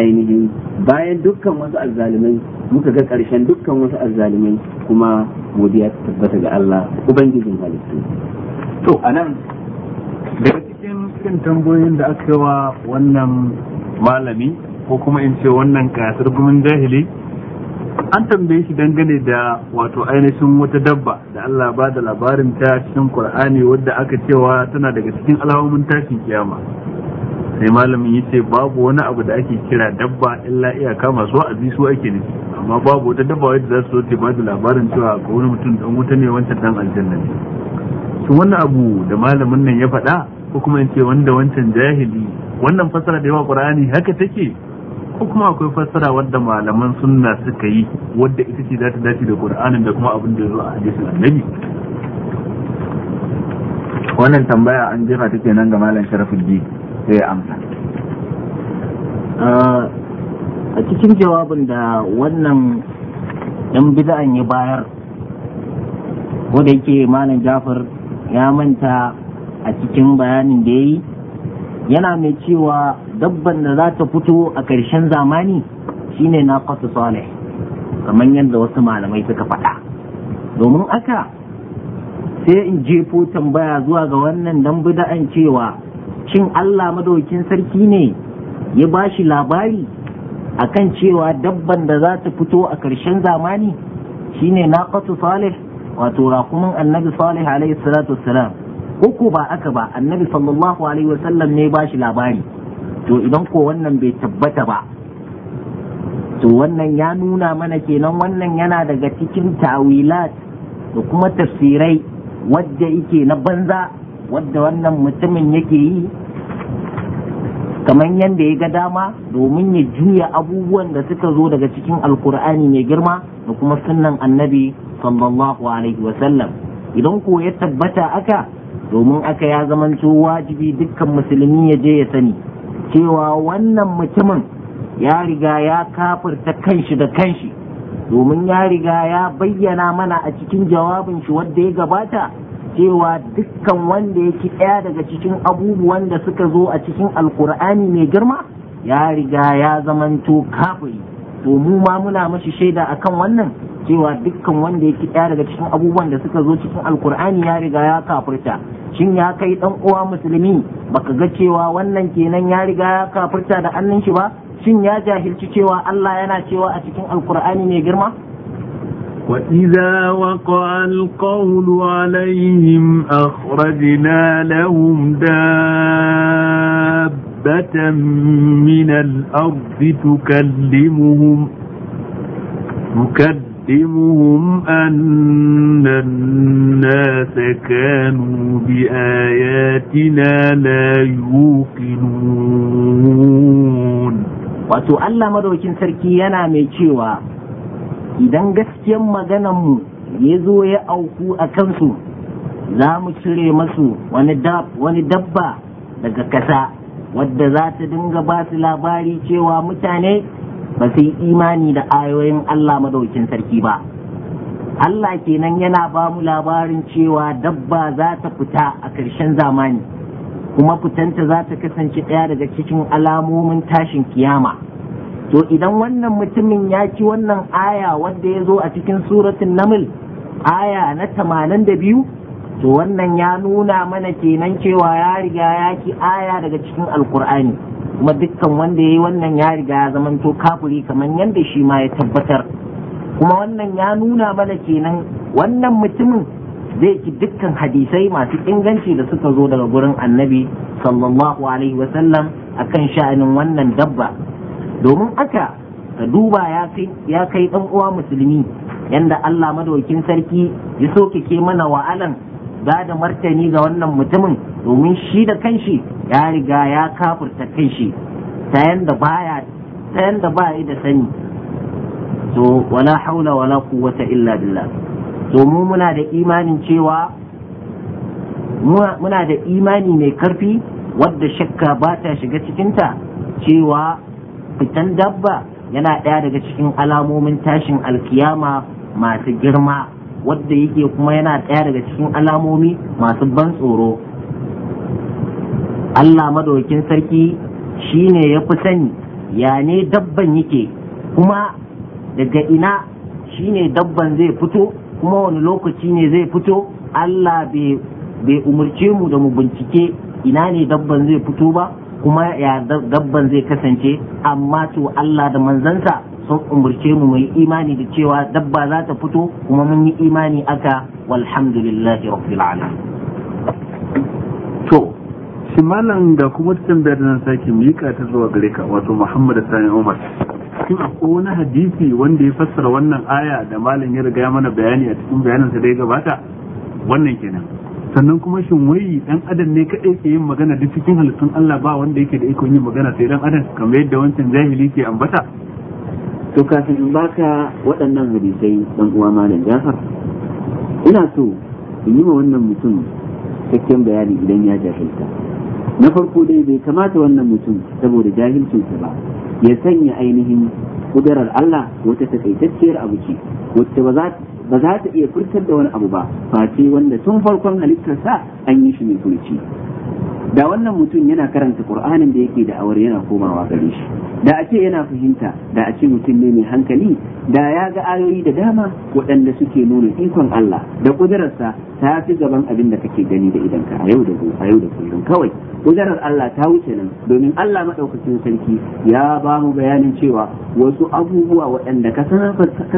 ainihin bayan dukkan wasu azzalimai muka ga ƙarshen dukkan wasu azzalimai kuma godiya ta tabbata ga Allah ubangijin halittu to anan daga cikin cikin tambayoyin da aka yi wa wannan malami ko kuma in ce wannan kasar gumin jahili an tambaye shi dangane da wato ainihin wata dabba da Allah ba da labarin ta cikin Qur'ani wadda aka cewa tana daga cikin alamomin tashin kiyama sai malamin ya ce babu wani abu da ake kira dabba illa iyaka masu a su ake nufi amma babu wata dabba wadda za su zo ta ba da labarin cewa ga wani mutum dan wuta ne wancan dan aljanna ne to wannan abu da malamin nan ya faɗa ko kuma in ce wanda wancan jahili wannan fasara da yawa Qur'ani haka take ko kuma akwai fassara wadda malaman sunna suka yi wadda ita ce za ta dace da qur'anin da kuma abin da ya zo a hadisin annabi wannan tambaya an jira take nan ga malam sharafuddin sai ya amsa a cikin jawabin da wannan yan bida'an ya bayar wanda yake malam jafar ya manta a cikin bayanin da ya yi yana mai cewa dabban da za ta fito a ƙarshen zamani shine na kwata salih kamar yadda wasu malamai suka faɗa domin aka sai in jefo tambaya zuwa ga wannan dan bida'an cewa cin Allah madaukin sarki ne ya ba shi labari akan cewa dabban da za ta fito a ƙarshen zamani shine naqatu salih wato rakumin annabi salih alaihi salatu wassalam uku ba aka ba annabi sallallahu alaihi wasallam ne ba shi labari to idan ko wannan bai tabbata ba to wannan ya nuna mana kenan wannan yana daga cikin tawilat da kuma tafsirai wadda yake na banza wadda wannan mutumin yake yi kamar yadda ya ga dama domin ya juya abubuwan da suka zo daga cikin alkur'ani mai girma da kuma sunnan annabi sallallahu alaihi wasallam idan ko ya tabbata aka domin aka ya zamanto wajibi dukkan musulmi ya je ya sani cewa wannan mutumin ya riga ya kafirta kanshi da kanshi domin ya riga ya bayyana mana a cikin jawabin shi wadda ya gabata cewa dukkan wanda ya ci ɗaya daga cikin abubuwan da suka zo a cikin alkur'ani mai girma ya riga ya zamanto kafiri to mu ma muna mashi shaida akan wannan cewa dukkan wanda yake ɗaya daga cikin abubuwan da suka zo cikin alkur'ani ya riga ya kafirta shin ya kai dan uwa musulmi baka ga cewa wannan kenan ya riga ya kafirta da annin shi ba shin ya jahilci cewa Allah yana cewa a cikin alkur'ani mai girma وإذا وقع القول عليهم أخرجنا لهم دابة من الأرض تكلمهم تكلمهم يعلمهم أن الناس كانوا بآياتنا لا يوقنون wato Allah madaukin sarki yana mai cewa idan gaskiyan maganarmu ya zo ya auku a kansu za mu cire masu wani dabba daga ƙasa, wadda za ta dinga ba su labari cewa mutane ba su yi imani da ayoyin Allah madaukin sarki ba Allah kenan yana ba mu labarin cewa dabba za ta fita a ƙarshen zamani kuma fitanta za ta kasance ɗaya daga cikin alamomin tashin kiyama to idan wannan mutumin ya ci wannan aya wanda ya zo a cikin suratun namil aya na tamanin da biyu to wannan ya nuna mana kenan cewa ya riga ya ki aya daga cikin alkur'ani kuma dukkan wanda ya yi wannan ya riga ya zamanto kafuri kamar yadda shi ma ya tabbatar kuma wannan ya nuna mana kenan wannan mutumin zai ki dukkan hadisai masu inganci da suka zo daga gurin annabi sallallahu alaihi wasallam akan sha'anin wannan dabba domin aka ka duba ya kai ɗan uwa musulmi yadda Allah madaukin sarki ya soke ke mana wa'alan ba da martani ga wannan mutumin domin shi da kanshi ya riga ya kafurta kanshi ta yanda baya ta yanda da sani to wala haula wala quwwata illa billah to mu muna da imanin cewa muna da imani mai karfi wadda shakka ba ta shiga cikinta cewa fitan dabba yana ɗaya daga cikin alamomin tashin alkiyama masu girma wadda yake kuma yana ɗaya daga cikin alamomi masu ban tsoro Allah madaukin sarki shine ya fi sani ya ne dabban yake kuma daga ina shine dabban zai fito kuma wani lokaci ne zai fito Allah bai umarce mu da mu bincike ina ne dabban zai fito ba kuma ya dabban zai kasance amma to Allah da manzansa sun umurce mu mu yi imani da cewa dabba za ta fito kuma mun yi imani aka ya rabbil alamin to shi malam ga kuma tambayar nan sake mika ta zuwa gare ka wato Muhammad Sani Umar shin akwai wani hadisi wanda ya fassara wannan aya da malam ya riga mana bayani a cikin bayaninsa da ya gabata wannan kenan sannan kuma shin wai dan adam ne kadai ke yin magana duk cikin halittun Allah ba wanda yake da ikon yin magana sai dan adam kamar yadda wancan jahili ke ambata to kafin in baka waɗannan hadisai ɗan uwa malam jafar ina so in yi wa wannan mutum cikakken bayani idan ya jahilta na farko dai bai kamata wannan mutum saboda jahilcinsa ba ya sanya ainihin kudarar Allah wata takaitacciyar abu ce wacce ba ba za ta iya furtar da wani abu ba face wanda tun farkon halittarsa an yi shi mai furci da wannan mutum yana karanta qur'anin da yake da awar yana komawa gare shi da a ce yana fahimta da a ce mutum ne mai hankali da ya ga ayoyi da dama waɗanda suke nuna ikon Allah da ƙudurarsa ta fi gaban abin da kake gani da ka a yau da a yau da kullum kawai ƙudurar Allah ta wuce nan domin Allah madaukakin sarki ya ba mu bayanin cewa wasu abubuwa waɗanda ka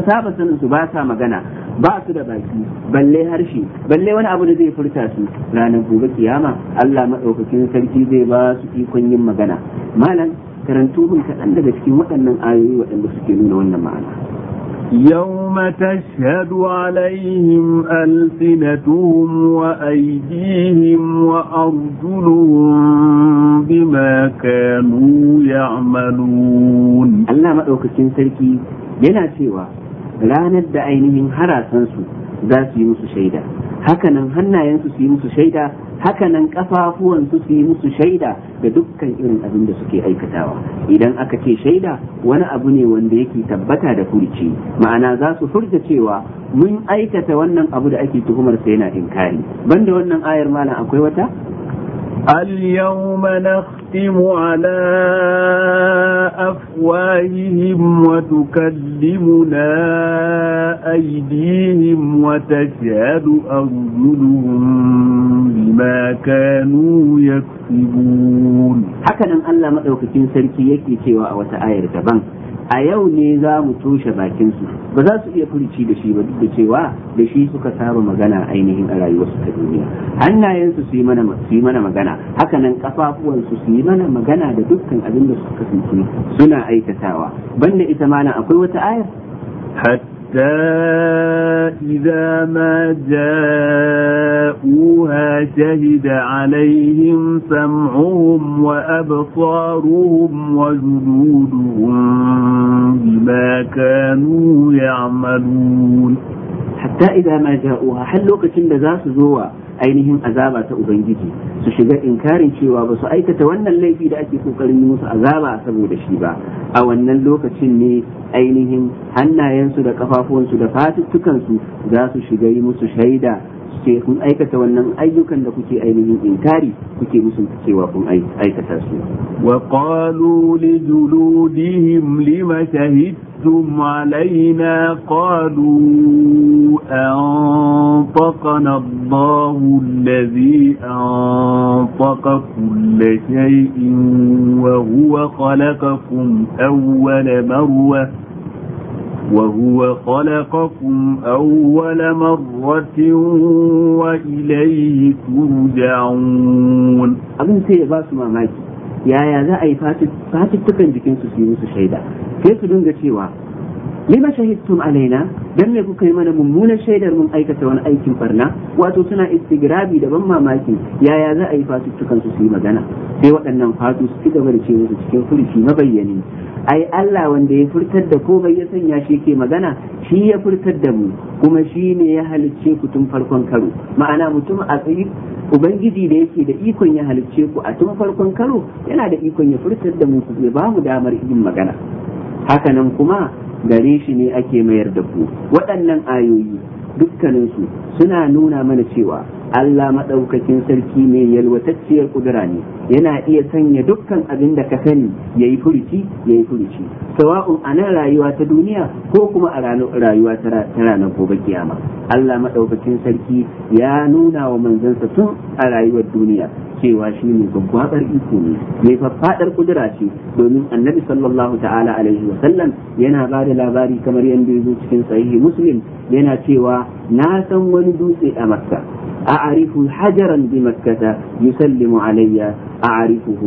saba sanin su ba sa magana ba su da baki balle harshe balle wani abu da zai furta su ranar gobe kiyama Allah madaukakin cikin sarki zai ba su ikon yin magana malam karantu mun kaɗan daga cikin waɗannan ayoyi waɗanda suke nuna wannan ma'ana يوم تشهد عليهم ألسنتهم وأيديهم وأرجلهم بما كانوا يعملون الله ما أوكسين سلكي ينا سوى لا ندى أينهم هراسا سوى za su yi musu shaida hakanan hannayensu su yi musu shaida hakanan kafafuwansu su yi musu shaida da dukkan irin abin da suke aikatawa idan aka ce shaida wani abu ne wanda yake tabbata da furci ma'ana za su furta cewa mun aikata wannan abu da ake tuhumar sa yana inkari banda wannan ayar malam akwai wata اليوم نختم على أفواههم وتكلمنا أيديهم وتشهد أرجلهم بما كانوا يكسبون حكنا ألا مدوكتين سلكي يكي سوى وتآير كبان a yau ne za mu toshe bakinsu ba za su iya furici da shi ba duk da cewa da shi suka saba magana ainihin a rayuwarsu ta duniya hannayensu su yi mana magana hakanan kafafuwansu su yi mana magana da dukkan abin da suka kasance suna aikatawa banda ita mana akwai wata ayar حتى إذا ما جاءوها شهد عليهم سمعهم وأبصارهم وجنودهم بما كانوا يعملون حتى إذا ما جاءوها حلوا قتل اللي ذات زوا ainihin azaba ta ubangiji su shiga inkarin cewa ba su aikata wannan laifi da ake kokarin musu azaba saboda shi ba a wannan lokacin ne ainihin hannayensu da kafafuwansu da fatuttukansu za su shiga yi musu shaida suke kun aikata wannan ayyukan da kuke ainihin inkari kuke musu cewa kun aikata su wa qalu li lima shahid شهدتم علينا قالوا أنطقنا الله الذي أنطق كل شيء وهو خلقكم أول مرة وهو خلقكم أول مرة وإليه ترجعون أبن سيئ باسم ماكي yaya za a yi fatittukan jikinsu su yi musu shaida sai su dinga cewa lima shahidtum alaina dan ne kuka yi mana mummunan shaidar mun aikata wani aikin barna wato suna istigrabi da ban mamaki yaya za a yi fasuttukan su su yi magana sai waɗannan fatu su ci gaba da ce musu cikin ma bayyane, ai Allah wanda ya furtar da ko ya sanya shi ke magana shi ya furtar da mu kuma shi ne ya halicce ku tun farkon karo ma'ana mutum a tsayi ubangiji da yake da ikon ya halicce ku a tun farkon karo yana da ikon ya furtar da mu ku ba mu damar yin magana hakanan kuma gare shi ne ake mayar da ku waɗannan ayoyi dukkaninsu suna nuna mana cewa Allah maɗaukakin sarki mai yalwatacciyar kudura ne yana iya sanya dukkan abin da ka sani ya yi furuci ya yi furuci sawa'un a nan rayuwa ta duniya ko kuma a rayuwa ta ranar gobe kiyama Allah maɗaukakin sarki ya nuna wa manzansa tun a rayuwar duniya cewa shi ne gwaggwabar iko ne mai faffaɗar kudura ce domin annabi sallallahu ta'ala alaihi wa sallam yana ba da labari kamar yadda ya zo cikin sahihi muslim yana cewa na san wani dutse a makka أعرف حجرا بمكة يسلم علي أعرفه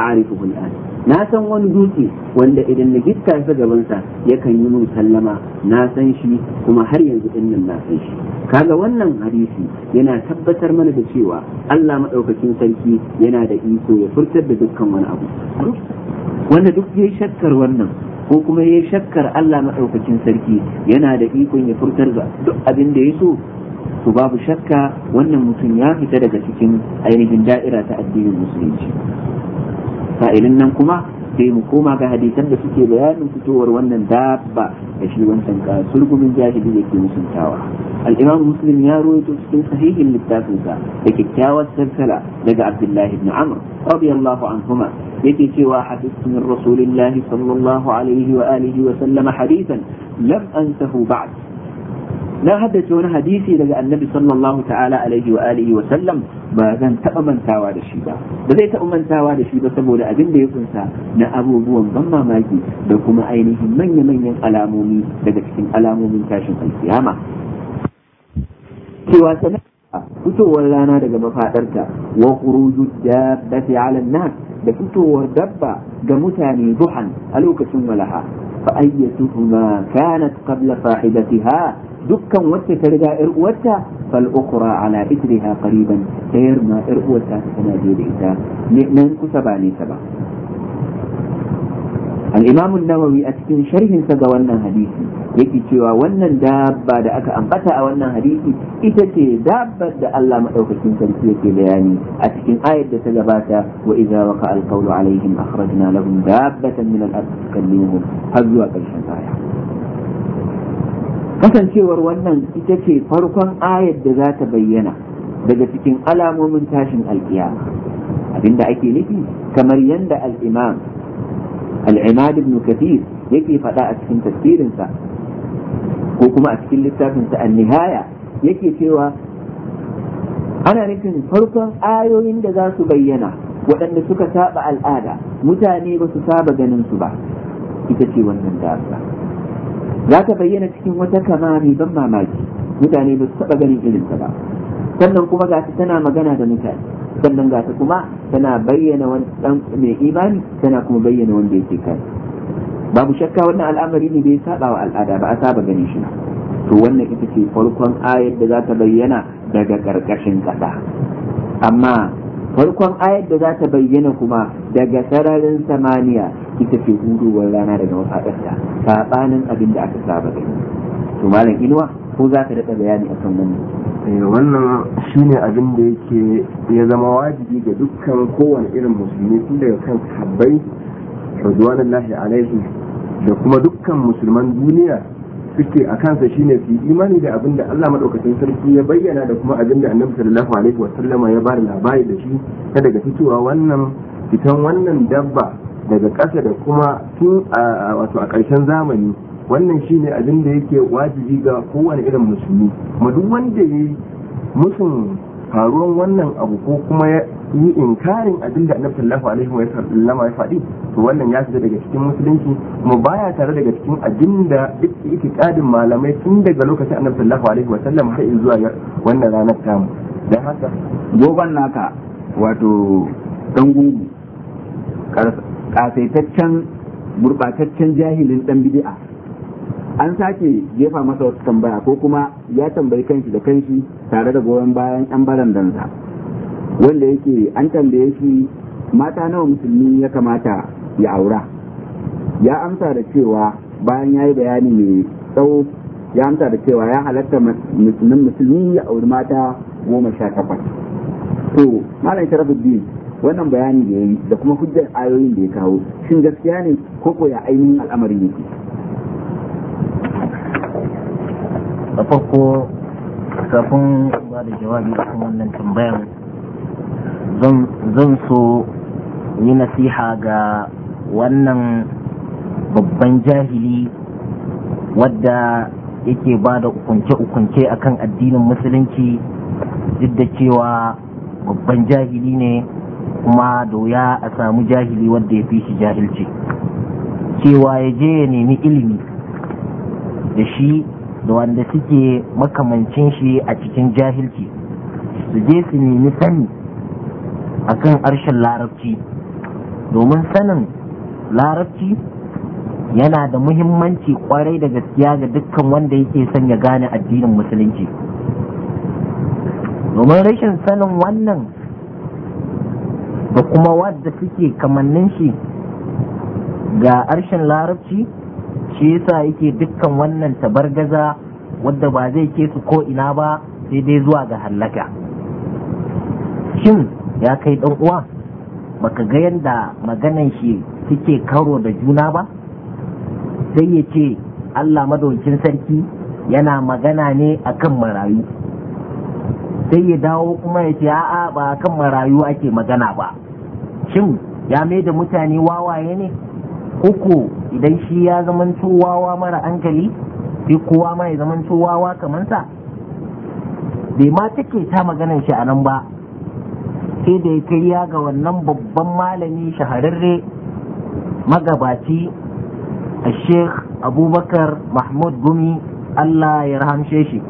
أعرفه الآن na san wani dutse wanda idan na gitta ta gabansa yakan yi mun sallama na san shi kuma har yanzu din nan na san shi kaga wannan hadisi yana tabbatar mana da cewa Allah madaukakin sarki yana da iko ya furtar da dukkan wani abu wanda duk yayi shakkar wannan ko kuma yayi shakkar Allah madaukakin sarki yana da ikon ya furtar da duk abin da ya so to babu shakka wannan mutum ya fita daga cikin ainihin da'ira ta addinin musulunci fa'ilin nan kuma sai mu koma ga hadisan da suke bayanin fitowar wannan dabba da shi wancan ka sulgumin jahili yake musuntawa al-imam muslim ya rawaito cikin sahihin littafinsa da kyakkyawar sarsala daga abdullahi ibn amr radiyallahu anhuma yake cewa hadisu min rasulillah sallallahu alaihi wa alihi wa sallama hadithan lam ansahu ba'd na haddace wani hadisi daga annabi sallallahu ta'ala alaihi wa alihi wa sallam ba zan taɓa mantawa da shi ba ba zai taɓa mantawa da shi ba saboda abin da ya kunsa na abubuwan ban mamaki da kuma ainihin manya-manyan alamomi daga cikin alamomin tashin alkiyama cewa sanar fitowar rana daga mafadarta wa khuruju dabbati ala nas da fitowar dabba ga mutane duhan a lokacin walaha فأيتهما كانت قبل صاحبتها دكا وتترجع إرؤوتا فالأخرى على إثرها قريبا غير ما إرؤوتا تنادي لإتا لأنه كسباني سبا al-imam an a cikin sharhin sa ga wannan hadisi yake cewa wannan dabba da aka ambata a wannan hadisi ita ce dabbar da Allah madaukakin sarki yake bayani a cikin ayar da ta gabata wa idza waqa al-qawlu alaihim akhrajna lahum dabbatan min al-ard tukallimuhum har zuwa ƙarshen aya kasancewar wannan ita ce farkon ayar da za ta bayyana daga cikin alamomin tashin alkiyama abinda ake nufi kamar yadda al'ima. al-imad ibn kathir yake faɗa a cikin tafsirinsa ko kuma a cikin littafinsa an-nihaya yake cewa ana nufin farkon ayoyin da za su bayyana waɗanda suka saba al'ada mutane ba su saba ganin su ba ita ce wannan dasa za ta bayyana cikin wata kama mai ban mamaki mutane ba su saba ganin irinta ba sannan kuma ga tana magana da mutane sannan ga kuma tana bayyana wani dan mai imani tana kuma bayyana wanda yake kai babu shakka wannan al'amari ne bai saba wa al'ada ba a saba gani shi to wannan ita ce farkon ayar da za ta bayyana daga karkashin kasa amma farkon ayar da za ta bayyana kuma daga sararin samaniya ita ce huduwar rana daga mafaɗarta sabanin abin da aka saba gani to malam inuwa ko za ka daɗa bayani akan wannan eh, wannan shine abin da yake ya zama wajibi ga dukkan kowane irin musulmi tun daga kan sahabbai radwanullahi alaihi da kuma dukkan musulman duniya suke a kansa shine su imani da abin da Allah madaukakin sarki ya bayyana da kuma abin da Annabi sallallahu alaihi wa sallama ya bada labari da shi ta daga fitowa wannan fitan wannan dabba daga ƙasa da kuma tun wato a ƙarshen zamani wannan shine abin da yake wajibi ga kowane irin musulmi kuma duk wanda ya yi musun faruwan wannan abu ko kuma ya yi inkarin abin da annabi sallallahu alaihi wa sallam ya faɗi to wannan ya fita daga cikin musulunci kuma baya tare daga cikin abin da itikadin malamai tun daga lokacin annabi sallallahu alaihi wa sallam har zuwa wannan ranar tamu dan haka goban naka wato dan gungu kasaitaccen gurbataccen jahilin dan bid'a an sake jefa masa wata tambaya ko kuma ya tambayi kanshi da kanshi tare da goyon bayan yan barandansa wanda yake an tambaye shi mata nawa musulmi ya kamata ya aura ya amsa da cewa bayan ya yi bayani mai tsawo ya amsa da cewa ya halatta musulmin musulmi ya auri mata goma sha takwas to malam sharafuddin wannan bayani da ya yi da kuma hujjar ayoyin da ya kawo shin gaskiya ne ko ko ya ainihin al'amari ne da farko kafin ba da jawabi a kan wannan tambayan zan so yi nasiha ga wannan babban jahili wadda yake ba da ukunce-ukunce a kan addinin musulunci duk da cewa babban jahili ne kuma da a samu jahili wadda ya fi shi jahilci cewa ya je ya nemi ilimi da shi da wanda suke makamancin shi a cikin jahilci su je su nemi sani a kan harshen larabci domin sanin larabci yana da muhimmanci kwarai da gaskiya ga dukkan wanda yake son ya gane addinin musulunci domin rashin sanin wannan da kuma wadda suke kamannin shi ga harshen larabci shi yasa yake dukkan wannan tabargaza wadda ba zai ke su ko ina ba sai dai zuwa ga hallaka shin ya kai ɗan uwa baka ga yadda maganan shi suke karo da juna ba sai ya ce Allah madaukin sarki yana magana ne akan marayu sai ya dawo kuma ya ce a'a ba akan marayu ake magana ba shin ya mai da mutane wawaye ne uku idan shi ya zamanto wawa mara hankali sai kowa ma ya zamanto wawa kamar sa bai ma take ta maganar shi a nan ba sai da ya kariya ga wannan babban malami shahararre magabaci a sheikh abubakar mahmud gumi allah ya rahamshe shi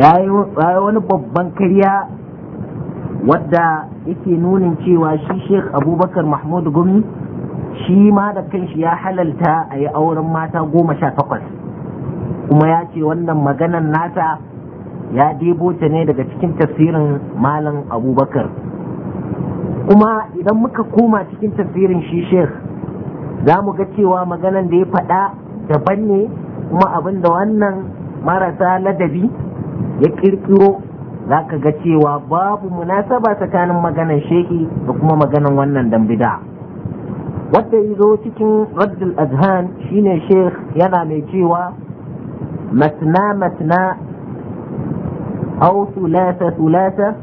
ya yi wani babban karya wadda yake nunin cewa shi sheikh abubakar mahmud gumi shi ma da kanshi ya halalta a yi auren mata goma sha takwas kuma ya ce wannan maganan nata ya debo ta ne daga cikin tafsirin malam abubakar kuma idan muka koma cikin tafsirin shi sheikh za mu ga cewa maganan da ya faɗa daban ne kuma abin da wannan marasa ladabi ya kirkiro za ka ga cewa babu munasaba tsakanin maganan shehi da kuma maganan wannan dambida. wadda ya zo cikin raddul azhan shine sheikh yana mai cewa matna matna au thulatha thulatha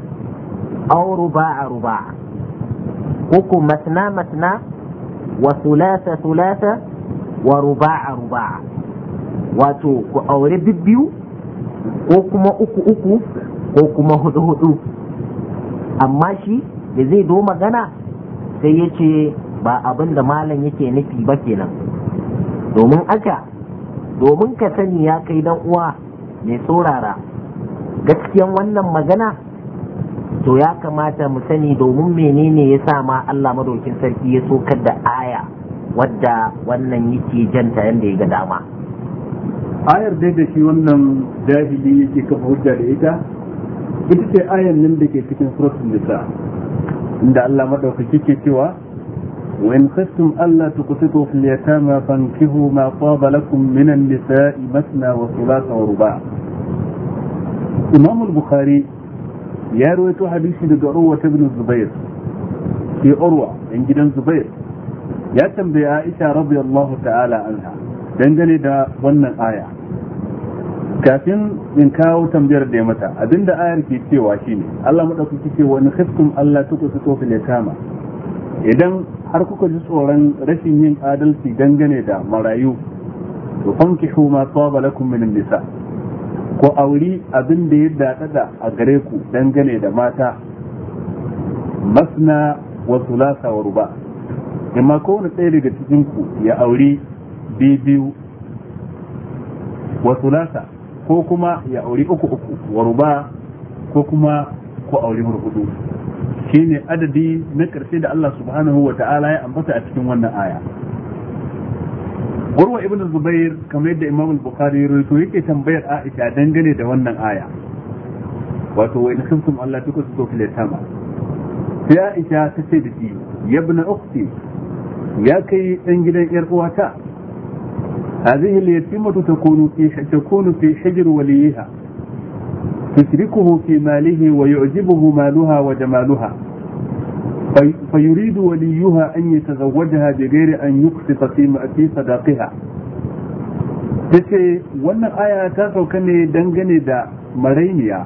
au ruba'a ruba'a uku matna matna wa thulatha thulatha wa ruba'a ruba'a wato ku aure bibbiyu ko kuma uku uku ko kuma hudu hudu amma shi da zai do magana sai ya ce ba abin da malam yake nufi ba kenan domin aka domin ka sani ya kai dan uwa mai saurara gaskiyan wannan magana to ya kamata mu sani domin menene ya sa ma Allah madaukin sarki ya sokar da aya wadda wannan yake janta yadda ya ga dama ayar dai da shi wannan jahili yake kafa hujja da ita ita ce ayan nan da ke cikin suratul nisa inda Allah madaukaki ke cewa وإن خفتم ألا تقسطوا في اليتامى فانكحوا ما طاب لكم من النساء مثنى وثلاث ورباع إمام البخاري يا رويت حديثي دقى عروة بن الزبير في عروة إن جدا الزبير يا تنبي عائشة رضي الله تعالى عنها dangane دا ظن الآية kafin من كاو tambayar da ya mata abinda ayar ke cewa shine Allah madaukaki ce wa in khiftum alla tuqsitu fil idan har kuka ji tsoron rashin yin adalci dangane da marayu to fankihu ma saba lakum min nisa ko auri abin da ya dadada a gare ku dangane da mata masna wa thulatha wa ruba amma kowane ɗaya daga cikin ku ya auri biyu wa thulatha ko kuma ya auri uku uku wa ruba ko kuma ku auri hurhudu shine adadi na ƙarshe da Allah subhanahu wa ta'ala ya ambata a cikin wannan aya Urwa ibn Zubair kamar yadda Imam Bukhari ya rawaito yake tambayar Aisha dangane da wannan aya wato wa in kuntum Allah tukusu fil yatama sai Aisha ta ce da shi yabna ukhti ya kai dan gidan yar uwata hadhihi al-yatimatu takunu fi takunu fi hijr waliha تشركه في ماله ويعجبه مالها وجمالها في فيريد وليها أن يتزوجها بغير أن يقسط في صداقها tace wannan aya ta sauka ne dangane da marainiya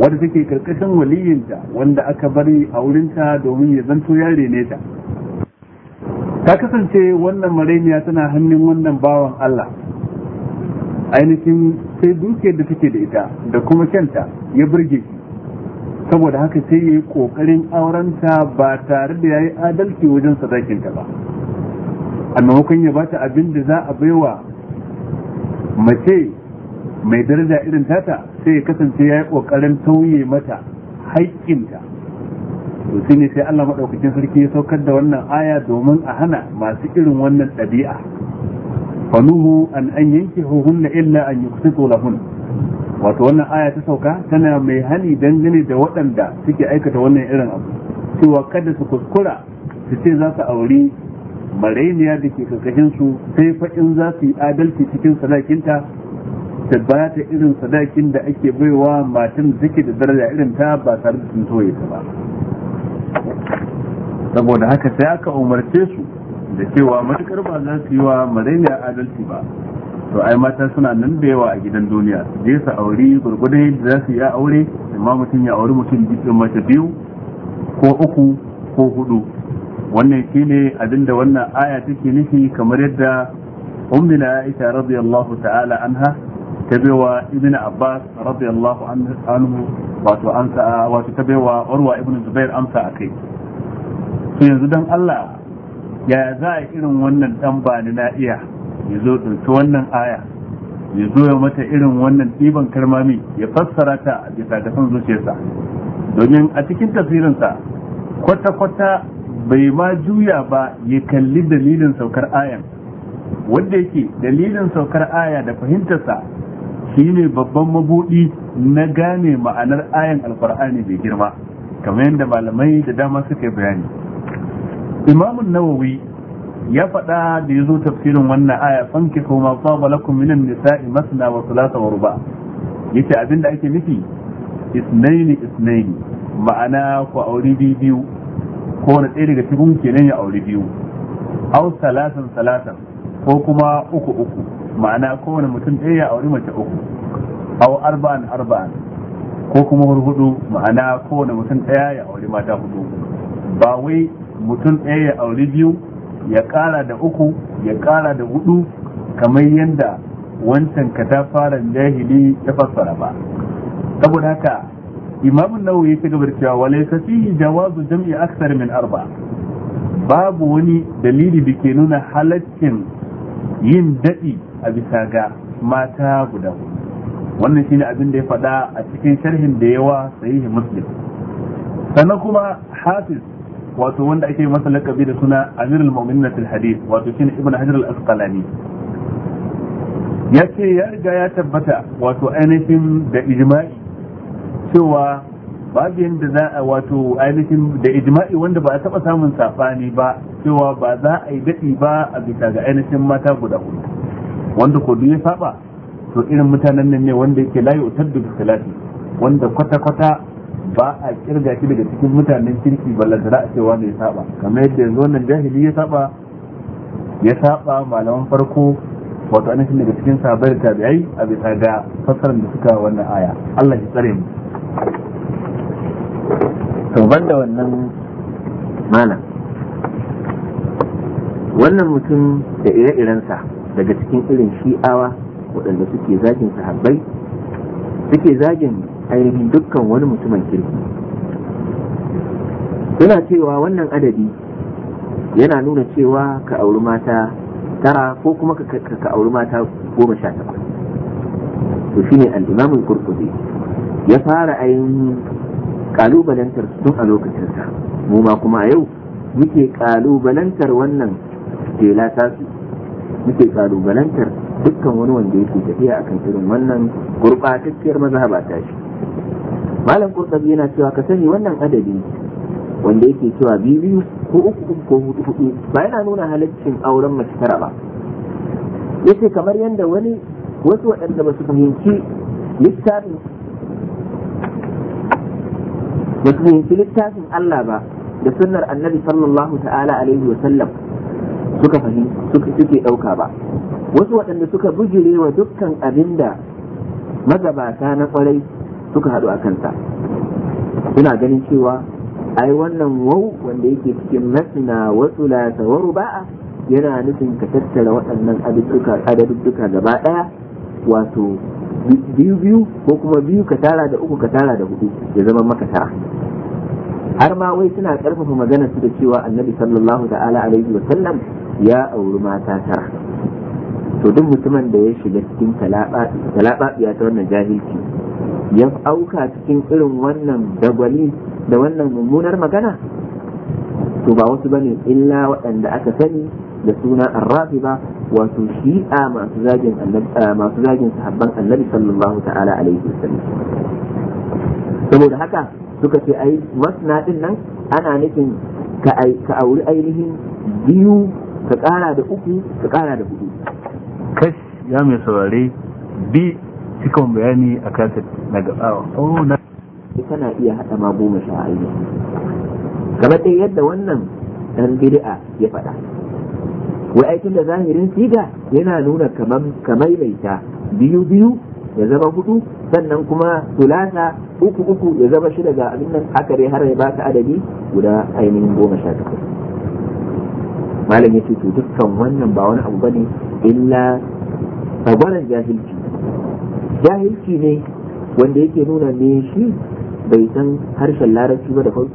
wadda take karkashin waliyinta wanda aka bari a wurinta domin ya zanto yare rene ta ta kasance wannan marainiya tana hannun wannan bawan Allah ainihin sai dukiyar da take da ita da kuma kyanta ya burge shi saboda haka sai ya yi ƙoƙarin aurenta ba tare da ya yi adalci wajen sadakinta ba a maimakon ya bata abin da za a baiwa mace mai daraja irin tata sai ya kasance ya yi ƙoƙarin tauye mata haƙƙinta to shi ne sai Allah maɗaukacin sarki ya saukar da wannan aya domin a hana masu irin wannan ɗabi'a fanuhu an an na illa an yuqsitu lahun wato wannan aya ta sauka tana mai hani dangane da waɗanda suke aikata wannan irin abu cewa kada su kuskura su ce za su auri marainiya da ke karkashin su sai faɗin za su yi adalci cikin sadakinta da ba ta irin sadakin da ake baiwa matan da take da daraja irin ta ba tare da sun ta ba saboda haka sai aka umarce su da cewa matukar ba za su yi wa maraina adalci ba to ai mata suna nan da yawa a gidan duniya su je su auri gurgudun yadda za su yi aure amma mutum ya auri mutum mace biyu ko uku ko hudu wannan shine abinda wannan aya take nufi kamar yadda ummina Aisha radiyallahu ta'ala anha ta baiwa ibn Abbas radiyallahu anhu wato amsa wato ta baiwa Urwa ibn Zubair amsa akai to yanzu dan Allah ya za a irin wannan dan ba ni na iya ya zo ɗauki wannan aya ya zo ya mata irin wannan ɗiban karmami ya fassara ta a bisa da son zuciyarsa domin a cikin tasirinsa kwata-kwata bai ma juya ba ya kalli dalilin saukar ayan wanda yake dalilin saukar aya da fahimtarsa shine babban mabudi na gane ma'anar ayan alkur'ani mai girma kamar yadda malamai da dama suka bayani imamun nawawi ya faɗa da ya zo tafsirin wannan aya fanki ko ma saba lakum minan nisa'i masna wa thalatha wa ruba yace abinda ake nufi isnaini isnaini ma'ana ku auri biyu ko na ɗaya daga cikin kenan ya auri biyu au salatan salatan ko kuma uku uku ma'ana kowane mutum ɗaya ya auri mace uku au arba'an arba'an ko kuma hudu ma'ana kowane mutum ɗaya ya auri mata hudu ba wai mutum ɗaya ya auri biyu ya ƙara da uku ya ƙara da hudu kamar yadda wancan fara jahili ya fassara ba saboda haka imamun nawawi ya ci gabar da cewa walai fihi jawazu jam'i aksar min arba babu wani dalili da ke nuna halaccin yin daɗi a bisa ga mata guda wannan shine abin da ya faɗa a cikin sharhin da yawa sahihin muslim sannan kuma hafiz wato wanda ake masa lakabi da suna amirul mu'minin fil hadith wato shine ibn hajar al-asqalani ya ce ya riga ya tabbata wato ainihin da ijma'i cewa babu yadda za a wato ainihin da ijma'i wanda ba a taba samun safani ba cewa ba za a yi daɗi ba a bisa ga ainihin mata guda hudu wanda ko duk saba to irin mutanen nan ne wanda yake layi utar salati wanda kwata-kwata ba a kirga shi daga cikin mutanen kirki ballantana a cewa ne ya saba kamar yadda yanzu wannan jahili ya saba ya saba malaman farko wato an daga cikin sabar tabi'ai a bisa ga fassarar da suka wannan aya Allah ya tsare mu to banda wannan malam wannan mutum da ire-irensa daga cikin irin shi'awa waɗanda suke zagin sahabbai suke zagin ainihin dukkan wani mutumin kirki suna cewa wannan adadi yana nuna cewa ka auri mata tara ko kuma ka auri mata goma sha takwas to ne al'imamin kurkuzi ya fara ainihin kalubalantar tun a lokacinsa mu ma kuma a yau muke kalubalantar wannan jela su, muke kalubalantar dukkan wani wanda yake tafiya akan irin wannan gurɓatacciyar mazhaba ta shi malam kurdabi yana cewa ka sani wannan adadi wanda yake cewa biyu biyu ko uku ko hudu hudu ba yana nuna halaccin auren mace tara ba yace kamar yadda wani wasu waɗanda ba su fahimci littafin ba su fahimci littafin Allah ba da sunnar annabi sallallahu ta'ala alaihi wa sallam suka fahimci suke ɗauka ba wasu waɗanda suka bujire wa dukkan abin da magabata na ƙwarai suka haɗu a kansa suna ganin cewa ai wannan wau wanda yake cikin masina wasu lasawaru ba'a yana nufin ka tattara waɗannan adadudduka gaba ɗaya wato biyu biyu ko kuma biyu ka tara da uku ka tara da hudu ya zama maka tara har ma wai suna ƙarfafa maganar su da cewa annabi sallallahu ta'ala alaihi wa sallam ya auri mata tara to duk mutumin da ya shiga cikin talaɓaɓiya ta wannan jahilci ya auka cikin irin wannan dagwali da wannan mummunar magana to ba wasu bane illa waɗanda aka sani da suna arrafi ba wato shi'a masu zagin eh, masu zagin sahabban annabi sallallahu ta'ala alaihi wasallam saboda haka suka ce ai masna din nan ana nufin ka auri ainihin biyu ka ƙara da uku ka ƙara da hudu kash ya mai saurari bi cikin bayani a kanta na gabawa oh, iya haɗa ma goma sha ainihi kamar dai yadda wannan ɗan bid'a ya faɗa wai aikin da zahirin siga yana nuna kamar kamar laita biyu biyu ya zama hudu sannan kuma tulasa uku uku ya zama shida ga abin nan haka dai har ya baka adadi guda ainihin goma sha takwas malam ya ce to dukkan wannan ba wani abu bane illa tsagwaron jahilci jahilci ne wanda yake nuna ne shi bai san harshen larabci ba da farko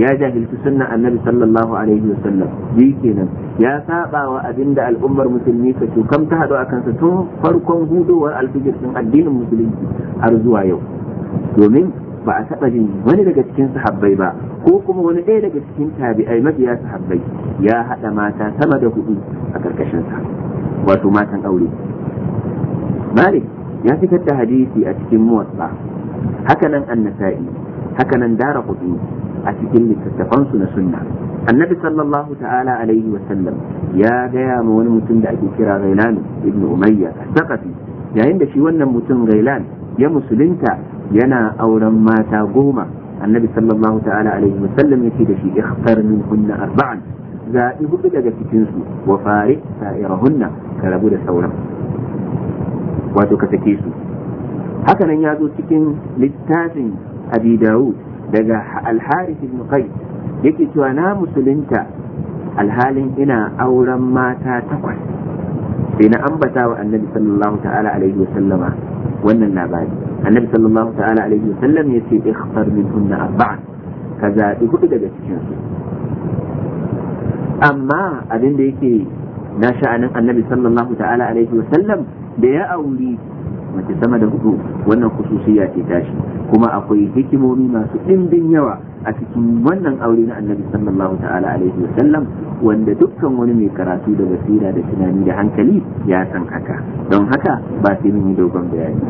ya jahilci sunna annabi sallallahu alaihi wasallam bi kenan ya saba wa abinda al'ummar musulmi ka kam ta hadu akan kansa tun farkon hudowar alfijir din addinin musulunci har zuwa yau domin ba a taɓa jin wani daga cikin sahabbai ba ko kuma wani ɗaya daga cikin tabi'ai mabiya sahabbai ya haɗa mata sama da hudu a ƙarƙashinsa wato matan aure malik ya fitar da hadisi a cikin muwatsa hakanan annasa'i hakanan dara kuɗi a cikin littattafansu na sunna annabi sallallahu ya gaya ma wani mutum da ake kira gailan ibn umayya saqafi yayin da shi wannan mutum Railan ya musulunta yana auren mata goma annabi sallallahu ya ce da shi ikhtar min kunna arba'an zaɓi hudu daga cikinsu wa fari sa'irahunna ka rabu da sauran wato ka sake su hakanan ya zo cikin littafin abi dawud daga alharis ibn qais yake cewa na musulunta alhalin ina auren mata takwas sai na ambata wa annabi sallallahu ta'ala alaihi wa sallama wannan labari annabi sallallahu ta'ala alaihi wa sallam ya ce ikhtar min hunna arba'an ka zaɓi hudu daga cikin su amma abin da yake na sha'anin annabi sallallahu ta'ala alaihi wa sallam da ya auri mace sama da hudu wannan kususiya ce tashi kuma akwai hikimomi masu ɗimbin yawa a cikin wannan aure na annabi sallallahu ta'ala alaihi wa sallam wanda dukkan wani mai karatu da basira da tunani da hankali ya san haka don haka ba sai mun yi dogon bayani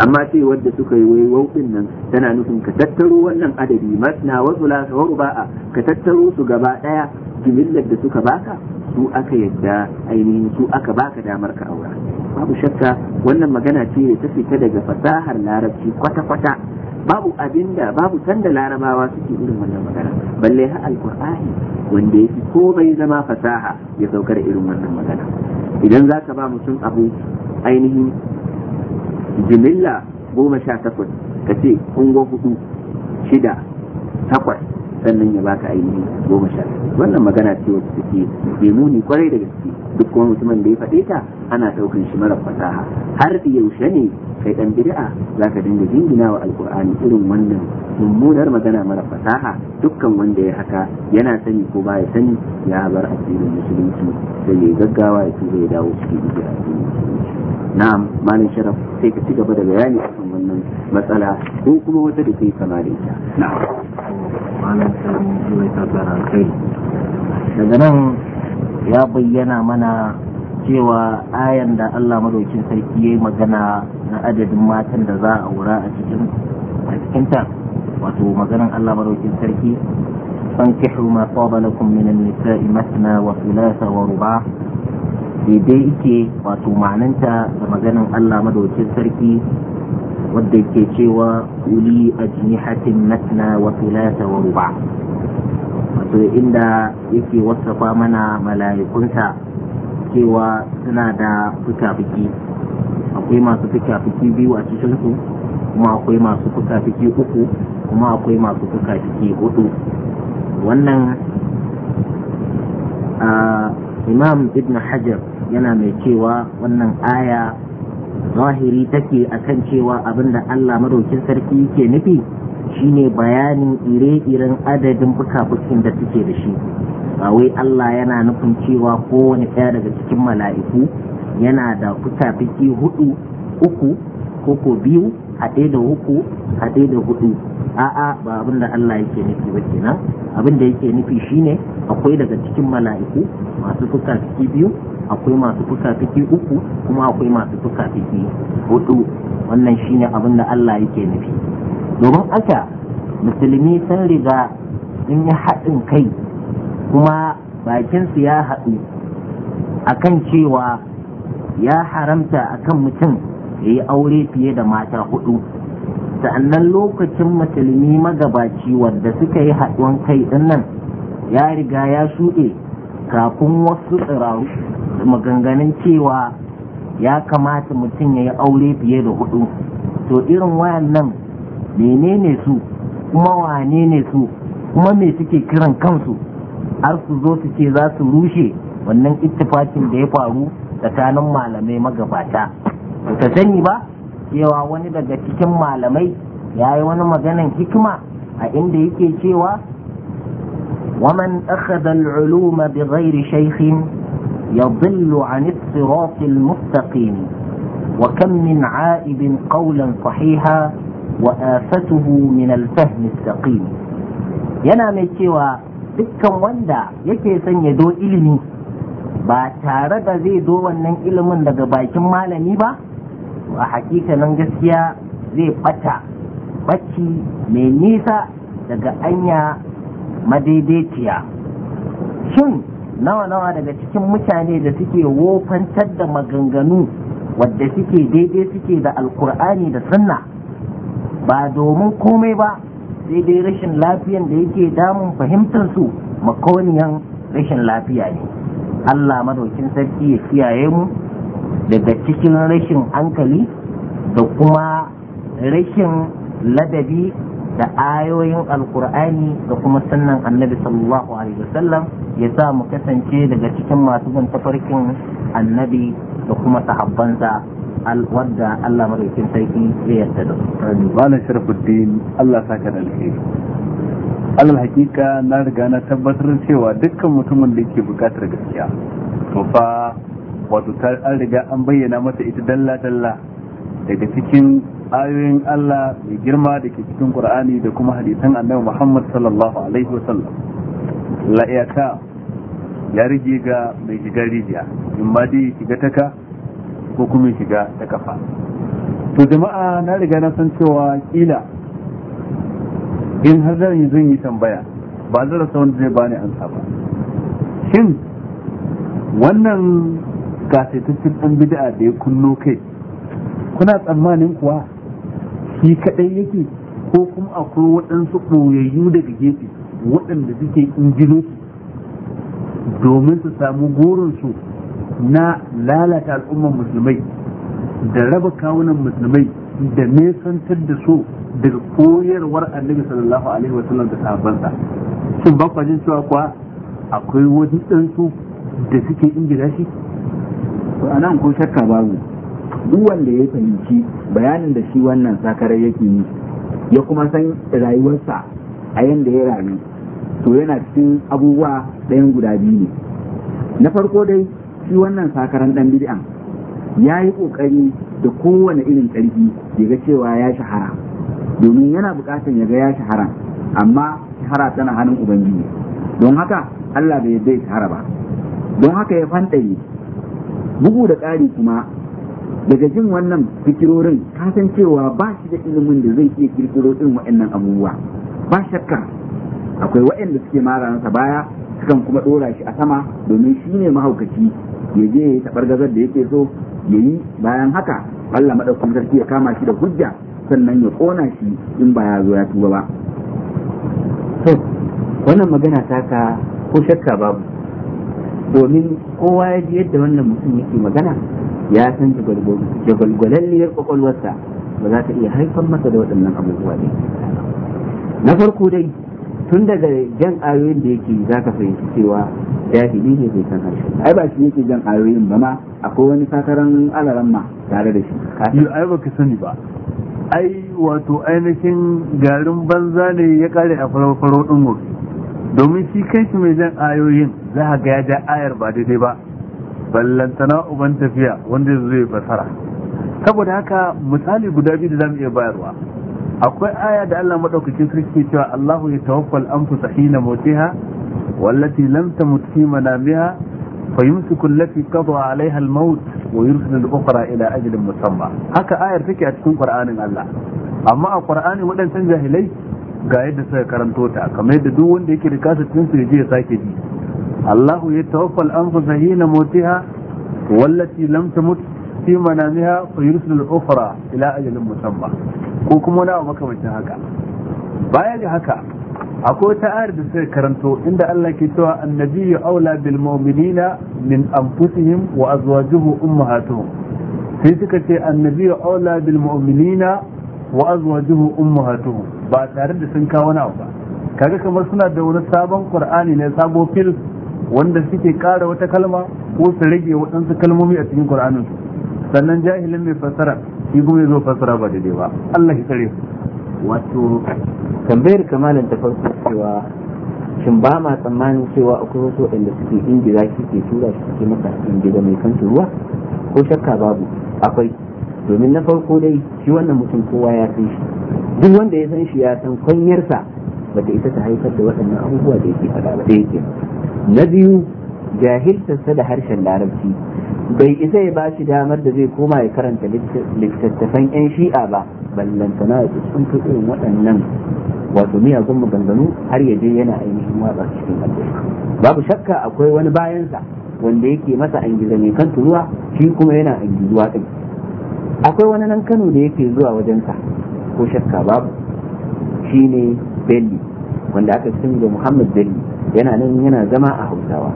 amma sai wadda suka yi wai wautin nan tana nufin ka tattaro wannan adadi masna wa thulatha wa ruba'a ka tattaro su gaba daya jimillar da suka baka su aka yadda ainihin su aka baka damar ka aura babu shakka wannan magana ce ta fita daga fasahar larabci kwata-kwata babu abinda babu sanda larabawa suke irin wannan magana balle ha alqur'ani wanda yake ko bai zama fasaha ya saukar irin wannan magana idan zaka ba mutum abu ainihin jimilla goma sha takwas ka ce hudu shida takwas sannan ya baka ainihin goma sha wannan magana ce wacce take ke nuni kwarai da gaske duk kuma mutumin da ya faɗe ta ana ɗaukan shi mara fasaha har da yaushe ne kai ɗan bid'a za ka dinga jingina wa alkur'ani irin wannan mummunar magana mara fasaha dukkan wanda ya haka yana sani ko ba ya sani ya bar asirin musulunci sai ya gaggawa ya tuba ya dawo cikin bid'a na'am malam sharaf sai ka ci gaba da bayani akan wannan matsala ko kuma wata da yi kama da ita na'am ta'ala tabbara kai daga nan ya bayyana mana cewa ayan da Allah madaukin sarki ya yi magana na adadin matan da za a wura a cikin a cikinta wato maganan Allah madaukin sarki fankihu ma taba lakum min an-nisa'i masna wa thulatha wa ruba daidai ike wato ma'ananta da maganan Allah madaukin sarki wadda ke cewa uli ajnihatin matna wa thulatha wa ruba wato inda yake wasafa mana mala'ikunta cewa suna da fuka akwai masu fuka biyu a cikinsu kuma akwai masu fuka uku kuma akwai masu fuka hudu wannan ah, imam ibn hajar yana mai cewa wannan aya zahiri take kan cewa abin da Allah madaukin sarki yake nufi shine bayanin ire-iren adadin buka-bukin da suke da shi ba wai Allah yana nufin cewa kowane ɗaya daga cikin mala'iku yana da fuka-fuki hudu uku koko biyu haɗe da uku haɗe da hudu a'a ba abin da Allah yake nufi ba kenan abin da yake nufi shine akwai daga cikin mala'iku masu fuka fiki biyu akwai masu fuka fiki uku kuma akwai masu fuka fiki hudu wannan shine abin da Allah yake nufi domin aka musulmi sun riga in yi haɗin kai kuma bakinsu ya haɗu akan cewa ya haramta akan mutum ya yi aure fiye da mata hudu sa'annan lokacin musulmi magabaci wadda suka yi haɗuwan kai nan ya riga ya shuɗe kafin wasu tsirau maganganun cewa ya kamata mutum ya yi aure fiye da hudu to irin wayan nan menene su kuma wane ne su kuma me suke kiran kansu har su zo su ce za su rushe wannan ittifakin da ya faru tsakanin malamai magabata ta sani ba cewa wani daga cikin malamai ya yi wani maganan hikima a inda yake cewa waman akhadha al-uluma bi ghairi shaykhin yadhillu 'an as-sirat al-mustaqim wa kam min 'aibin qawlan sahiha wa afatuhu min al-fahm as-saqim yana mai cewa dukkan wanda yake son ya do ilimi ba tare da zai do wannan ilimin daga bakin malami ba to a nan gaskiya zai bata bacci mai nisa daga anya madaidaiciya shin nawa-nawa daga cikin mutane da suke wofantar da maganganu wadda suke daidai suke da alkur'ani da sunna ba domin komai ba sai dai rashin lafiyan da yake damun fahimtar su makoniyan rashin lafiya ne Allah madaukin sarki ya kiyaye mu daga cikin rashin hankali da kuma rashin ladabi da ayoyin alkur'ani da kuma sannan annabi sallallahu alaihi wasallam ya sa mu kasance daga cikin masu ban tafarkin annabi da kuma sahabbansa wadda Allah madaukin sarki zai yarda da su. Bala Sharafuddin Allah saka da alheri. hakika na riga na tabbatar cewa dukkan mutumin da yake bukatar gaskiya. To fa wato an riga an bayyana masa ita dalla-dalla daga cikin ayoyin Allah mai girma da ke cikin Qur'ani da kuma hadisan Annabi Muhammad sallallahu alaihi wasallam la iyaka ya rige ga mai shiga rijiya in ma dai shiga taka ko kuma shiga ta kafa to jama'a na riga na san cewa kila in har zan yi zan yi tambaya ba zan rasa wanda zai bani ansa ba shin wannan kasaitaccen ɗan bid'a da ya kunno kai kuna tsammanin kuwa shi kaɗai yake ko kuma akwai waɗansu ɓoyayyu daga gefe waɗanda suke injino domin su samu gorinsu na lalata al'ummar musulmai da raba kawunan musulmai da nesantar da su daga koyarwar annabi sallallahu alaihi wa sallam da sahabbansa shin bakwajin cewa kuwa akwai wani ɗansu da suke ingila shi to a nan ko shakka babu duk wanda ya fahimci bayanin da shi wannan sakarar yake yi ya kuma san rayuwarsa a yadda ya rayu to yana cikin abubuwa ɗayan guda biyu ne na farko dai shi wannan sakaran ɗan bid'an ya yi ƙoƙari da kowane irin ƙarfi ya ga cewa ya shahara domin yana buƙatar ya ga ya shahara amma shahara tana hannun ubangiji don haka Allah bai yarda ya shahara ba don haka ya fanɗaye bugu da ƙari kuma daga jin wannan fikirorin kasan cewa ba shi da ilimin da zai iya kirkiro ɗin waɗannan abubuwa ba shakka akwai waɗanda suke mara nasa baya sukan kuma ɗora shi a sama domin shi ne mahaukaci ya je ya taɓar gazar da yake so ya yi bayan haka Allah maɗaukakin sarki ya kama shi da hujja sannan ya ƙona shi in ba ya zo ya tuba ba. wannan magana ta ka ko shakka babu domin kowa ya ji yadda wannan mutum yake magana ya san jagwalgwalalliyar kwakwalwarsa ba za ta iya haifar masa da waɗannan abubuwa ne na farko dai tun daga jan ayoyin da yake za ka fahimci cewa jahili ne bai san harshe ai ba shi yake jan ayoyin ba ma akwai wani sakaran ma tare da shi ai ba ka sani ba ai wato ainihin garin banza ne ya kare a farfaro ɗin domin shi kai shi mai jan ayoyin za a ga ya ja ayar ba daidai ba ballantana uban tafiya wanda zai fasara saboda haka misali guda biyu da zamu iya bayarwa akwai aya da Allah madaukakin sarki cewa Allahu ya tawaffal anfusa hina mutiha wallati lam tamut fi manamiha fayumsiku allati qada alaiha almaut wa yursilu al-ukhra ila ajalin musamma haka ayar take a cikin Qur'anin Allah amma a Qur'ani waɗancan jahilai ga yadda suka karanto ta kamar yadda duk wanda yake da kasa cikin su ya je ya sake ji Allahu ya tawaffa al-anfusa hina mutiha wallati lam tamut fi manamiha fa yursilu al-ukhra ila ajalin musamma ko kuma wani abu makamancin haka baya ga haka akwai wata ayar da suka karanto inda Allah ke cewa annabiyyu aula bil min anfusihim wa azwajuhu ummahatuhum sai suka ce annabiyyu aula bil mu'minina wa azwajuhu ba tare da sun kawo wani ba kaga kamar suna da wani sabon qur'ani ne sabo fil wanda suke ƙara wata kalma ko su rage waɗansu kalmomi a cikin Qur'anin sannan jahilin mai fassara shi kuma zo fassara ba daidai ba Allah ya tsare wato tambayar kamalin ta farko cewa shin ba ma tsammanin cewa akwai wasu waɗanda suke ingiza shi ke tura shi suke masa ingiza mai kan ruwa ko shakka babu akwai domin na farko dai shi wannan mutum kowa ya san shi duk wanda ya san shi ya san kwanyarsa bata ita ta haifar da waɗannan abubuwa da yake faɗa ba yake na biyu jahiltarsa da harshen larabci bai isa ya ba shi damar da zai koma ya karanta littattafan 'yan shi'a ba ballantana ya sun fi irin waɗannan wato miyagun maganganu har ya je yana ainihin watsa cikin babu shakka akwai wani bayansa wanda yake masa an gizo mai kan turuwa shi kuma yana an gizuwa ɗin akwai wani nan kano da yake zuwa wajensa ko shakka babu shi ne belli wanda aka sani da muhammad Belli yana nan yana zama a hausawa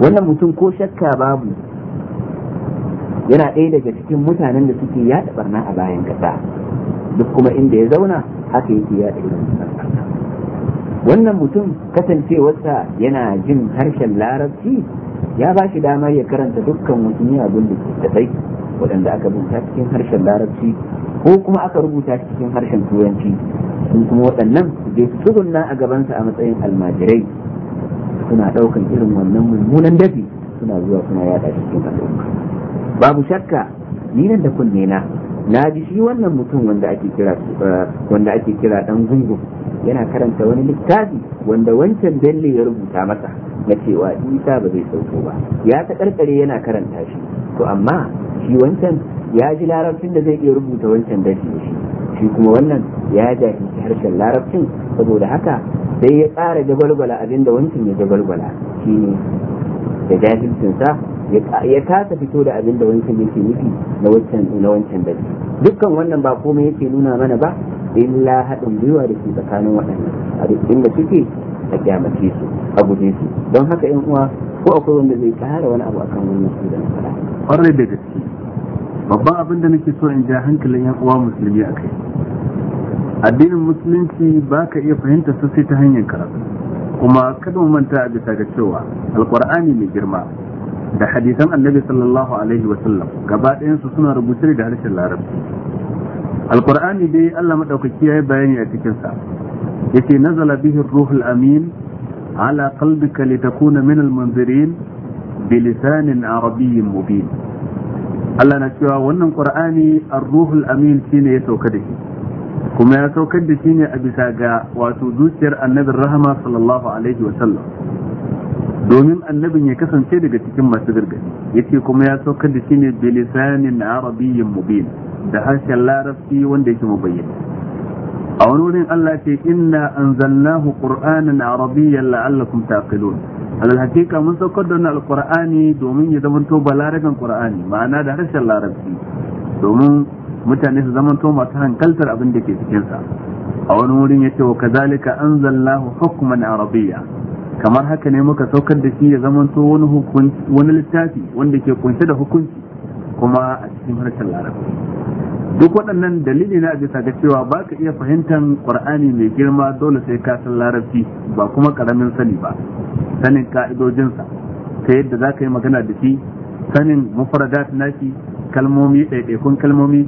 wannan mutum ko shakka babu yana ɗaya daga cikin mutanen da suke yaɗa barna a bayan ƙasa duk kuma inda ya zauna haka yake yaɗa irin wannan mutum kasancewarsa yana jin harshen larabci ya ba shi damar ya karanta dukkan wasu miyagun tafai waɗanda aka rubuta cikin harshen larabci ko kuma aka rubuta cikin harshen turanci sun kuma waɗannan su je su tsugunna a gabansa a matsayin almajirai suna ɗaukan irin wannan mummunan dafi suna zuwa suna yaɗa cikin al'umma babu shakka ni nan da kunne na na ji shi wannan mutum wanda ake kira eh, wanda ake kira dan gungun yana karanta wani littafi wanda wancan belle ya rubuta masa na cewa isa ba zai sauko ba ya ta karkare yana karanta shi to amma shi wancan ya ji larabcin da zai iya rubuta wancan dafi da shi shi kuma wannan ya jahilci harshen larabcin saboda haka sai ya tsara jagwalgwala abinda wancan ya jagwalgwala shine da jahilcinsa ya kasa fito da abin da wancan yake nufi na wancan na da dukkan wannan ba komai yake nuna mana ba illa haɗin gwiwa da ke tsakanin waɗannan a duk inda suke a kyamace su a guje su don haka yan uwa ko akwai wanda zai kara wani abu akan wannan su da na faɗa. Kwarai da gaske babban abin da nake so in ja hankalin yan uwa musulmi a kai addinin musulunci ba ka iya fahimta su sai ta hanyar karatu kuma kada mu manta a bisa ga cewa alkur'ani mai girma da hadisan annabi sallallahu alaihi wa sallam gaba ɗayansu suna rubuce da harshen larabci alkur'ani dai Allah ya yi bayani a cikin sa yake nazala bihi ruhul amin ala qalbika litakuna min almunzirin bilisanin arabiyyin mubin Allah na cewa wannan qur'ani ar-ruhul amin shine ya sauka da shi kuma ya saukar da shi ne a bisa ga wato zuciyar annabin rahama sallallahu alaihi wa sallam domin annabin ya kasance daga cikin masu gargadi yace kuma ya saukar da shi ne bilisanin arabiyyin mubin da harshen larabci wanda yake bayyana. a wani wurin Allah ce inna anzalnahu qur'anan arabiyyan la'allakum taqilun alal hakika mun saukar da wannan alqur'ani domin ya zama to balaragan qur'ani ma'ana da harshen larabci domin mutane su zaman to masu hankaltar abin da ke cikin a wani wurin ya ce wa kazalika anzalnahu hukman arabiyya kamar haka ne muka saukar da shi ya zaman to wani hukunci wani littafi wanda ke kunshe da hukunci kuma a cikin harshen larabci duk waɗannan dalili na bisa ga cewa ba ka iya fahimtar qur'ani mai girma dole sai ka san larabci ba kuma karamin sani ba sanin ka'idojinsa ta yadda za ka yi magana da shi sanin mafaradat naki kalmomi ɗaiɗaikun kalmomi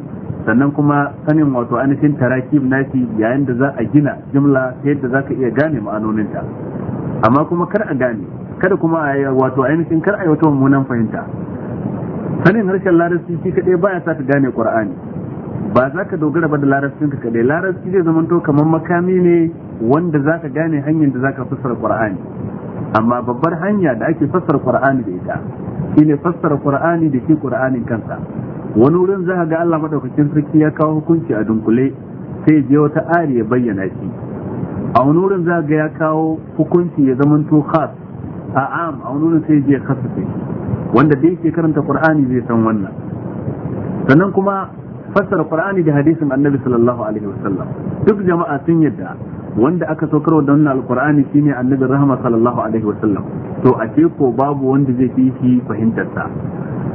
sannan kuma sanin wato ainihin tarakim nashi yayin da za a gina jimla ta yadda za ka iya gane ma'anoninta amma kuma kar a gane kada kuma a wato ainihin kar a yi wata mummunan fahimta sanin harshen larabci shi kaɗai baya sa ka gane qur'ani ba za ka dogara ba da larabcin ka kaɗai larabci zai zamanto kamar makami ne wanda za ka gane hanyar da za ka fassara qur'ani amma babbar hanya da ake fassara qur'ani da ita shine fassara qur'ani da shi qur'anin kansa wani wurin za a ga Allah madaukakin sarki ya kawo hukunci a dunkule sai je wata ari ya bayyana shi a wani wurin za a ga ya kawo hukunci ya to khas a am a wani wurin sai je sai wanda da yake karanta qur'ani zai san wannan sannan kuma fassara qur'ani da hadisin annabi sallallahu alaihi wasallam duk jama'a sun yadda wanda aka saukar da wannan alqur'ani shine annabi rahama sallallahu alaihi wasallam to a ce ko babu wanda zai fi shi fahimtar sa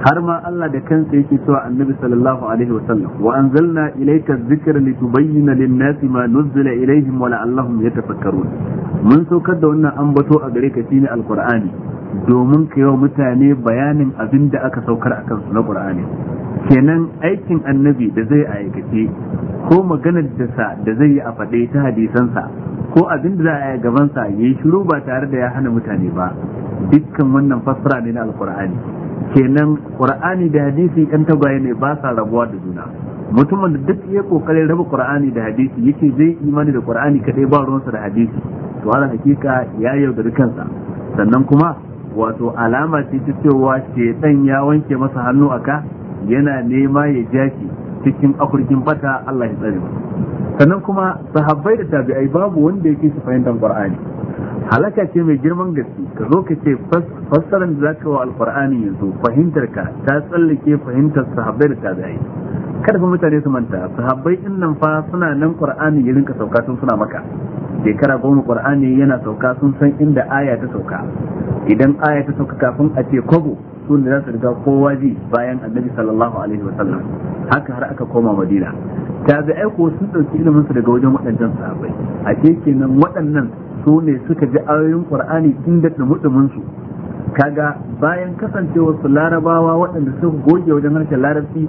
har ma Allah da kansa yake cewa annabi sallallahu alaihi wasallam wa anzalna ilayka dhikra litubayyana lin-nasi ma nuzila ilayhim wa la'allahum yatafakkarun mun saukar da wannan ambato a gare ka shine alqur'ani domin ka yawa mutane bayanin abin da aka saukar akan su na qur'ani kenan aikin annabi da zai aikace ko maganar da sa da zai yi a faɗe ta hadisansa ko abin da za a yi gabansa ya yi shiru ba tare da ya hana mutane ba dukkan wannan fassara ne na alkur'ani kenan qur'ani da hadisi yan tagwaye ne ba sa rabuwa da juna mutumin da duk ya kokarin raba qur'ani da hadisi yake zai imani da qur'ani kadai ba ruwansa da hadisi to ala hakika ya yaudari kansa sannan kuma wato alama ce ta cewa shedan ya wanke masa hannu aka yana nema ya jaki cikin afirkin bata Allah ya tsare sannan kuma sahabbai da tabi'ai babu wanda yake su fahimtar qur'ani halaka ce mai girman gaske ka zo ka ce fassarar da zaka wa alqur'ani yanzu fahimtar ka ta tsallake fahimtar sahabbai da tabi'ai kada fa mutane su manta sahabbai in nan fa suna nan qur'ani ya rinka sauka sun suna maka shekara goma qur'ani yana sauka sun san inda aya ta sauka idan aya ta sauka kafin a ce kwabo rasul da za su riga kowa ji bayan annabi sallallahu alaihi wa sallam haka har aka koma madina ta tabi'ai ko sun dauki ilimin su daga wajen waɗannan sahabbai a kenan waɗannan su ne suka ji ayoyin qur'ani tun da mutumin su kaga bayan kasancewar su larabawa waɗanda suka goge wajen harshen larabci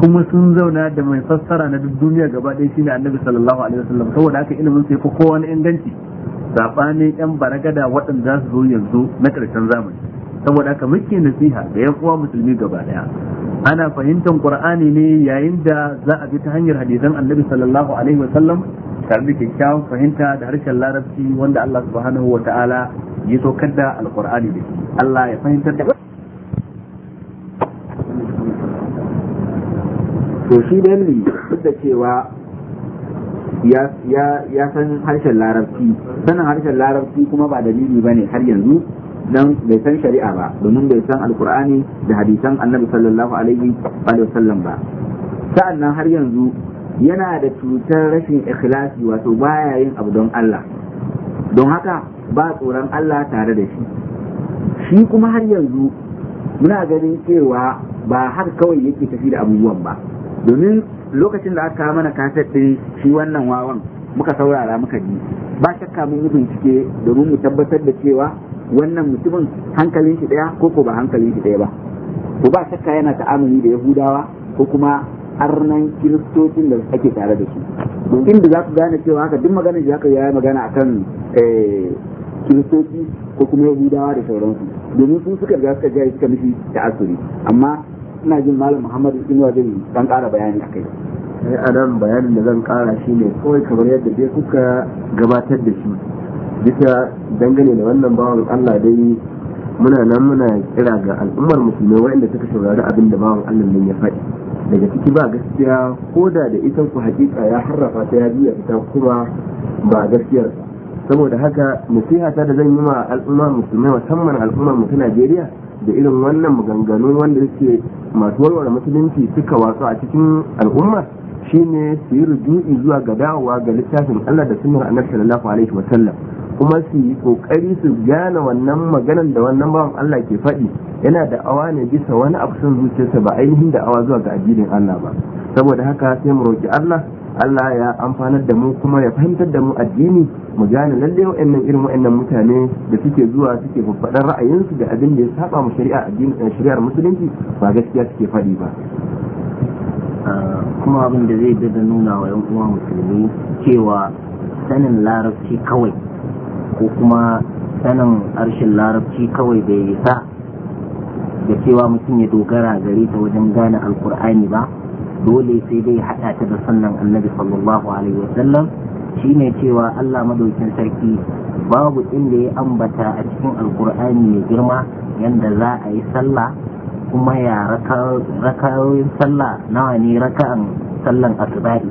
kuma sun zauna da mai fassara na duk duniya gaba ɗaya shine annabi sallallahu alaihi wasallam saboda haka ilimin sai fi kowa na inganci zabanin yan baragada waɗanda za su zo yanzu na ƙarshen zamani saboda haka muke nasiha ga yan uwa musulmi gaba daya ana fahimtar qur'ani ne yayin da za a bi ta hanyar hadisan annabi sallallahu alaihi wasallam tare da kyakkyawan fahimta da harshen larabci wanda Allah subhanahu wa ta'ala ya saukar da alqur'ani da shi Allah ya fahimtar da to shi dalili duk da cewa ya san harshen larabci sanin harshen larabci kuma ba dalili bane har yanzu dan bai san shari'a ba domin bai san alkur'ani da hadisan annabi sallallahu alaihi wa sallam ba sa'annan har yanzu yana da cutar rashin ikhlasi wato baya yin abu don Allah don haka ba tsoron Allah tare da shi shi kuma har yanzu muna ganin cewa ba har kawai yake tafi da abubuwan ba domin lokacin da aka mana kasar din shi wannan wawan muka saurara muka ji ba shakka mun yi bincike domin mu tabbatar da cewa wannan mutumin hankalin shi ɗaya, ko ko ba hankalin shi ɗaya ba ko ba shakka yana ta'amuli da yahudawa ko kuma arnan kiristocin da ake tare da su don inda za ku gane cewa haka duk maganar da ya yi magana akan eh, kiristoci ko kuma yahudawa da sauransu domin su suka riga suka ga suka miki da asiri amma ina jin malam muhammad inuwa zai dan kara bayani akai sai eh, adam bayanin da zan kara shine kawai kamar yadda dai kuka gabatar da shi duka dangane da wannan bawan Allah dai muna nan muna kira ga al'ummar musulmai waɗanda suka saurari abin da bawan Allah ne ya faɗi daga ciki ba gaskiya ko da da ita ku hakika ya harrafa ta ya biya ta kuma ba gaskiyar saboda haka nasiha ta da zan yi ma al'ummar musulmai musamman al'ummar mu ta Najeriya da irin wannan maganganu wanda yake masu warware musulunci suka watsa a cikin al'umma shine su yi rujui zuwa ga dawowa ga littafin Allah da sunnar annabi sallallahu alaihi wa sallam kuma su yi kokari su gane wannan maganan da wannan bawan Allah ke faɗi yana da awa ne bisa wani abu sun zuciyarsa ba ainihin da awa zuwa ga addinin Allah ba saboda haka sai mu roki Allah Allah ya amfanar da mu kuma ya fahimtar da mu addini mu gane lalle wa'annan irin wa'annan mutane da suke zuwa suke faɗan ra'ayinsu da abin da ya saba mu shari'a addini shari'ar musulunci ba gaskiya suke faɗi ba kuma abin da zai da nuna wa yan uwa musulmi cewa sanin larabci kawai ko kuma sanin harshen larabci kawai bai sa da cewa mutum ya dogara gare ta wajen gane alkur'ani ba dole sai dai haɗa ta da sannan annabi sallallahu alaihi wasallam shine cewa allah madaukin sarki babu inda ya ambata a cikin alkur'ani mai girma yadda za a yi sallah kuma ya rakayoyin sallah nawa ne raka'an sallan asubahi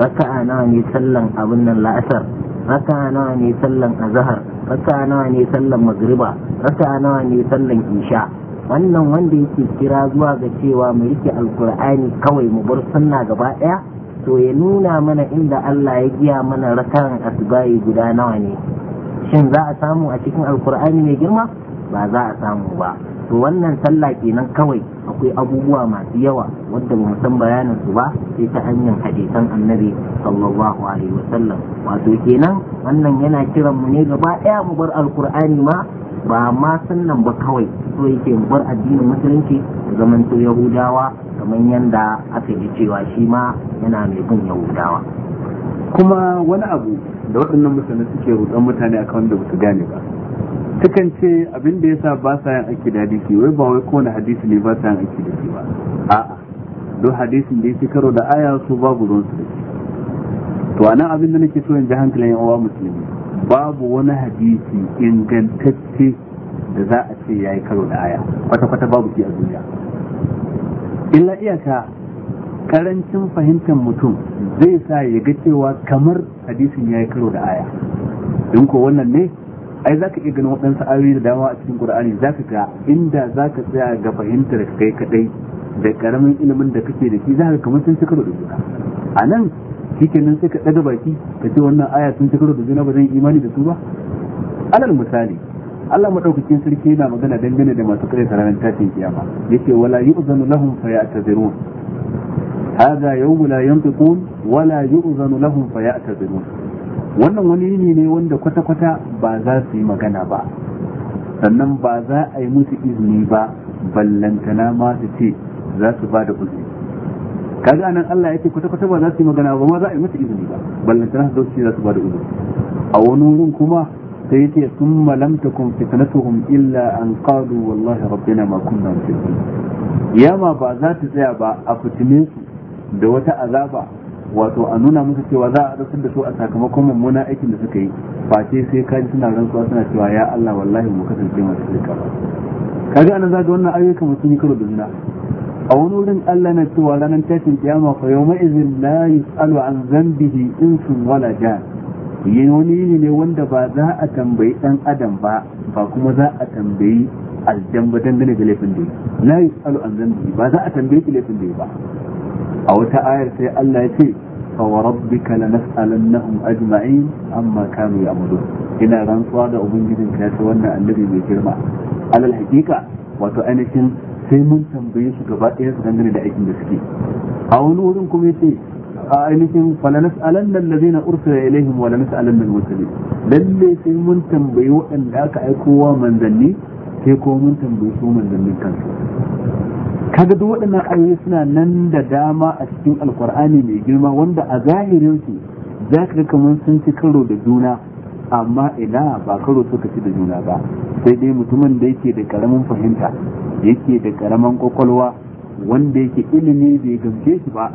raka'a nawa ne sallan abin nan la'asar raka'a nawa ne sallan azhar raka'a nawa ne sallan magriba raka'a nawa ne sallan isha wannan wanda yake kira zuwa ga cewa mu yake alkur'ani kawai mu bar sunna gaba daya to ya nuna mana inda Allah ya giya mana rakan asbayi guda nawa ne shin za a samu a cikin alkur'ani mai girma ba za a samu ba to wannan sallah kenan kawai akwai abubuwa masu yawa wanda ba san bayanin su ba sai ta hanyar hadisan annabi sallallahu alaihi wasallam wato kenan wannan yana kiran mu ne gaba daya mu bar alkur'ani ma ba ma sannan ba kawai so yake mu bar addinin musulunci da zamanto yahudawa kamar yanda aka yi cewa shi ma yana mai bin yahudawa kuma wani abu da waɗannan mutane suke rudan mutane akan wanda ba su gane ba kan ce abin da yasa ba sa yin aiki da hadisi wai ba wai kowane hadisi ne ba sa yin aiki da shi ba a'a don hadisin da yake karo da aya su babu ruwan su da shi to anan abin da nake so in ji hankalin yan uwa musulmi babu wani hadisi ingantacce da za a ce ya yi karo da aya kwata kwata babu shi a duniya illa iyaka karancin fahimtar mutum zai sa ya ga cewa kamar hadisin ya yi karo da aya in ko wannan ne ai zaka iya ganin waɗansu ayoyi da dama a cikin Qur'ani zaka ga inda zaka tsaya ga fahimtar kai kadai da karamin ilimin da kake da shi zaka kamar sun cika da juna a nan shikenan sai ka daga baki ka ce wannan aya sun cika da juna ba zan imani da su ba alal misali Allah madaukakin sarki yana magana dangane da masu kare ranar tashin kiyama yace wala yu'zanu lahum fayatazirun hadha yawm la yantiqun wala yu'zanu lahum fayatazirun wannan wani yini ne wanda kwata-kwata ba za su yi magana ba sannan ba za a yi musu izini ba ballantana ma su ce za su ba da uzuri kaga anan Allah ya ce kwata-kwata ba za su yi magana ba ma za a yi musu izini ba ballantana su ce za su ba da uzuri a wani wurin kuma sai yace sun malamta kun fitnatuhum illa an qalu wallahi rabbina ma kunna mushrikin yama ba za ta tsaya ba a fitine su da wata azaba wato a nuna musu cewa za a azabtar da su a sakamakon mummuna aikin da suka yi face sai ka ji suna rantsuwa suna cewa ya Allah wallahi mu kasance masu shirka kaga anan zaga wannan ayyukan mutum yi karo da juna a wani wurin Allah na cewa ranar tashin kiyama fa yawma izin la yus'alu an zambihi insun wala jan yin wani yini ne wanda ba za a tambayi dan adam ba ba kuma za a tambayi aljan ba dangane da laifin da ya yi, la yus'alu an zambihi ba za a tambayi laifin da ya ba a wata ayar sai Allah ya ce fa wa rabbika lanas'alannahum ajma'in amma kanu ya'malun ina rantsuwa da ubangijin ka yace wannan annabi mai girma alal hakika wato ainihin sai mun tambaye su gaba ɗaya su dangane da aikin da suke a wani wurin kuma yace a ainihin falanas alannan da zina ursula ilaihim wa lanas alannan lalle sai mun tambayi waɗanda aka aikowa manzanni sai ko mun tambayi su manzannin kansu kaga duk waɗannan ayoyi suna nan da dama a cikin alkur'ani mai girma wanda a zahirin su za ka ga kamar sun ci karo da juna amma ina ba karo suka ci da juna ba sai dai mutumin da yake da karamin fahimta yake da karamin kwakwalwa wanda yake ilimi bai gamshe shi ba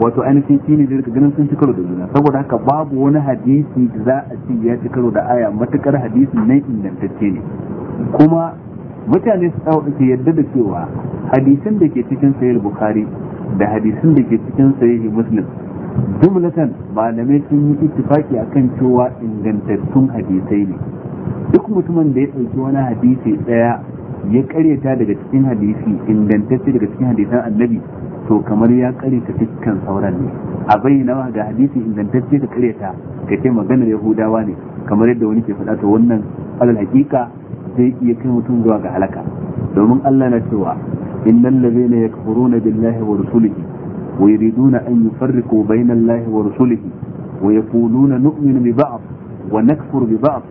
wato ainihin shi ne da rika ganin sun ci karo da juna saboda haka babu wani hadisi da za a ci ya ci karo da aya matukar hadisi nan ingantacce ne kuma mutane su yadda da cewa hadisin da ke cikin sahih bukhari da hadisin da ke cikin sahih muslim jumlatan malamai sun yi ittifaki kan cewa ingantattun hadisai ne duk mutumin da ya ɗauki wani hadisi daya ya karyata daga cikin hadisi ingantacce daga cikin hadisan annabi to kamar ya karyata dukkan sauran ne a bayyana ga hadisi ingantacce ka karyata ka ce maganar yahudawa ne kamar yadda wani ke faɗa to wannan alal hakika zai iya kai mutum zuwa ga halaka domin Allah na cewa إن الذين يكفرون بالله ورسله ويريدون أن يفرقوا بين الله ورسله ويقولون نؤمن ببعض ونكفر ببعض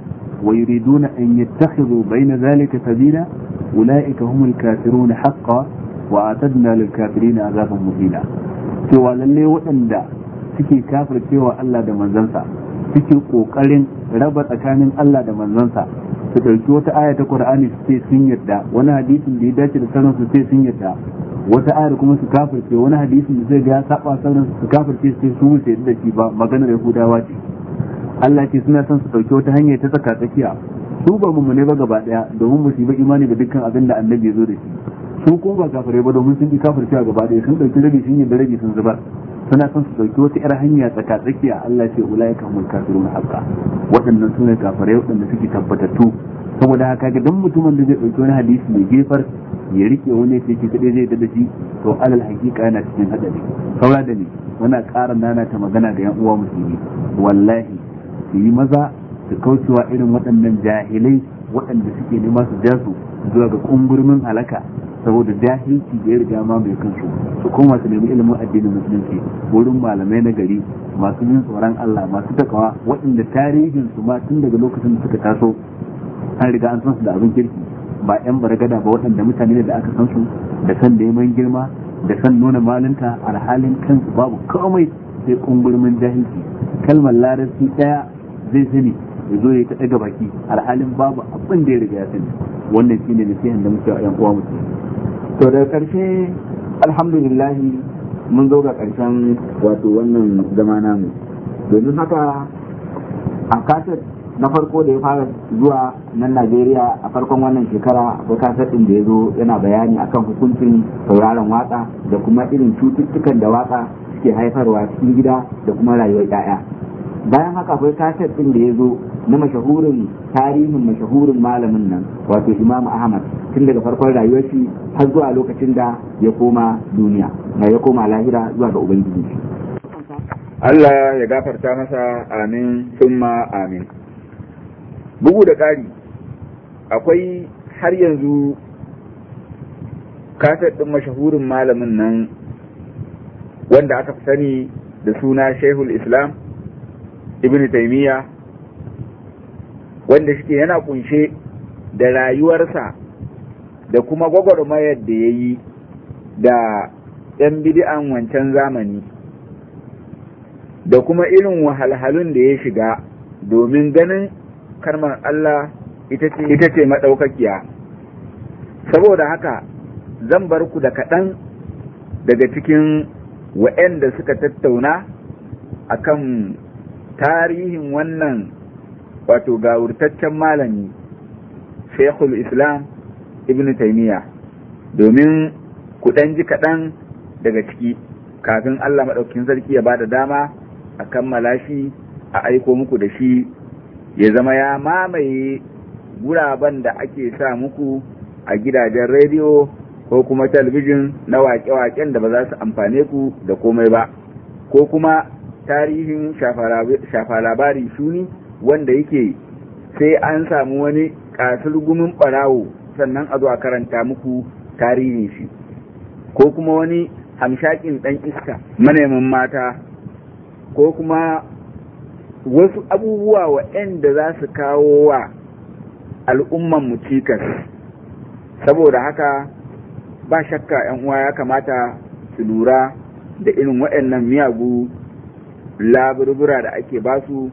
ويريدون أن يتخذوا بين ذلك سبيلا أولئك هم الكافرون حقا وأعتدنا للكافرين عذابا مهينا سوى للي وأن suke كافر سوى ألا da manzansa suke kokarin raba tsakanin Allah da manzonsa su ɗauki wata aya ta Qur'ani su ce sun yarda wani hadisin da ya dace da sanin su ce sun yarda wata da kuma su kafirce wani hadisin da zai ga ya saba sanin su kafirce su su wuce da shi ba maganar Yahudawa ce Allah ce suna son su ɗauki wata hanya ta tsaka tsakiya su ba mu ne ba gaba daya domin mu ba imani da dukkan abin da annabi ya zo da shi su ko ba kafirai ba domin sun ki kafircewa gaba daya sun ɗauki rabi sun yi da rabi sun zubar suna son su dauki wata yar hanya tsaka tsakiya Allah ce ulaika hum kafirun haka, waɗannan sune kafare waɗanda suke tabbatattu saboda haka ga dan mutumin da zai dauki wani hadisi mai gefar ya rike wani sai ki kade zai dada shi to alal hakika yana cikin hadari saura da ni muna ƙara nana ta magana da yan uwa musulmi wallahi su yi maza su kaucewa irin waɗannan jahilai waɗanda suke nema su ja zuwa ga ƙungurmin halaka saboda jahilci da ya riga ma mai kansu su koma su nemi ilimin addinin musulunci wurin malamai na gari masu yin tsoron Allah masu takawa waɗanda tarihin su ma tun daga lokacin da suka taso an riga an san su da abin kirki ba yan bargada ba waɗanda mutane da aka san su da san neman girma da san nuna malinta alhalin kansu babu komai sai kumburmin jahilci kalmar larabci ɗaya zai sani ya zo ya ta ɗaga baki alhalin babu abin da ya riga ya sani wannan shine nasihan da muke a yan uwa mutum to da karshe alhamdulillahi mun zo ga karshen wato wannan zama namu domin haka a kasar na farko da ya fara zuwa nan najeriya a farkon wannan shekara akwai kasar ɗin da ya zo yana bayani akan hukuncin sauraron waka da kuma irin cututtukan da waka suke haifarwa cikin gida da kuma rayuwar 'ya'ya bayan haka akwai kaset din da ya zo na mashahurin tarihin mashahurin malamin nan wato imam ahmad tun daga farkon rayuwar shi har zuwa lokacin da ya koma duniya na ya koma lahira zuwa ga ubangiji Allah ya gafarta masa amin summa amin bugu da ƙari akwai har yanzu kaset din mashahurin malamin nan wanda aka fi sani da suna shehul islam ibn taymiya wanda shike yana kunshe da rayuwarsa da kuma gwagwarmayar da ya yi da 'yan bidi'an wancan zamani da kuma irin wahalhalun da ya shiga domin ganin karmar Allah ita ce maɗaukakiya saboda haka zan bar ku da kaɗan daga cikin wa'yanda suka tattauna a akan tarihin wannan wato gawurtaccen malami shekul islam ibn taimiyya domin kuɗan ji kaɗan daga ciki kafin allah maɗaukin sarki ya ba da dama a kammala shi a aiko muku da shi ya zama ya mamaye guraben da ake sa muku a gidajen rediyo ko kuma talabijin na waƙe-waƙen da ba za su amfane ku da komai ba ko kuma tarihin shafa labari shuni wanda yake sai an samu wani kasar gumin barawo sannan a zo karanta muku tarihin shi ko kuma wani hamshakin dan iska manemin mata ko kuma wasu abubuwa waɗanda za su kawo wa al'umman mu cikas saboda haka ba shakka 'yan uwa ya kamata su lura da irin waɗannan miyagu laburbura da ake basu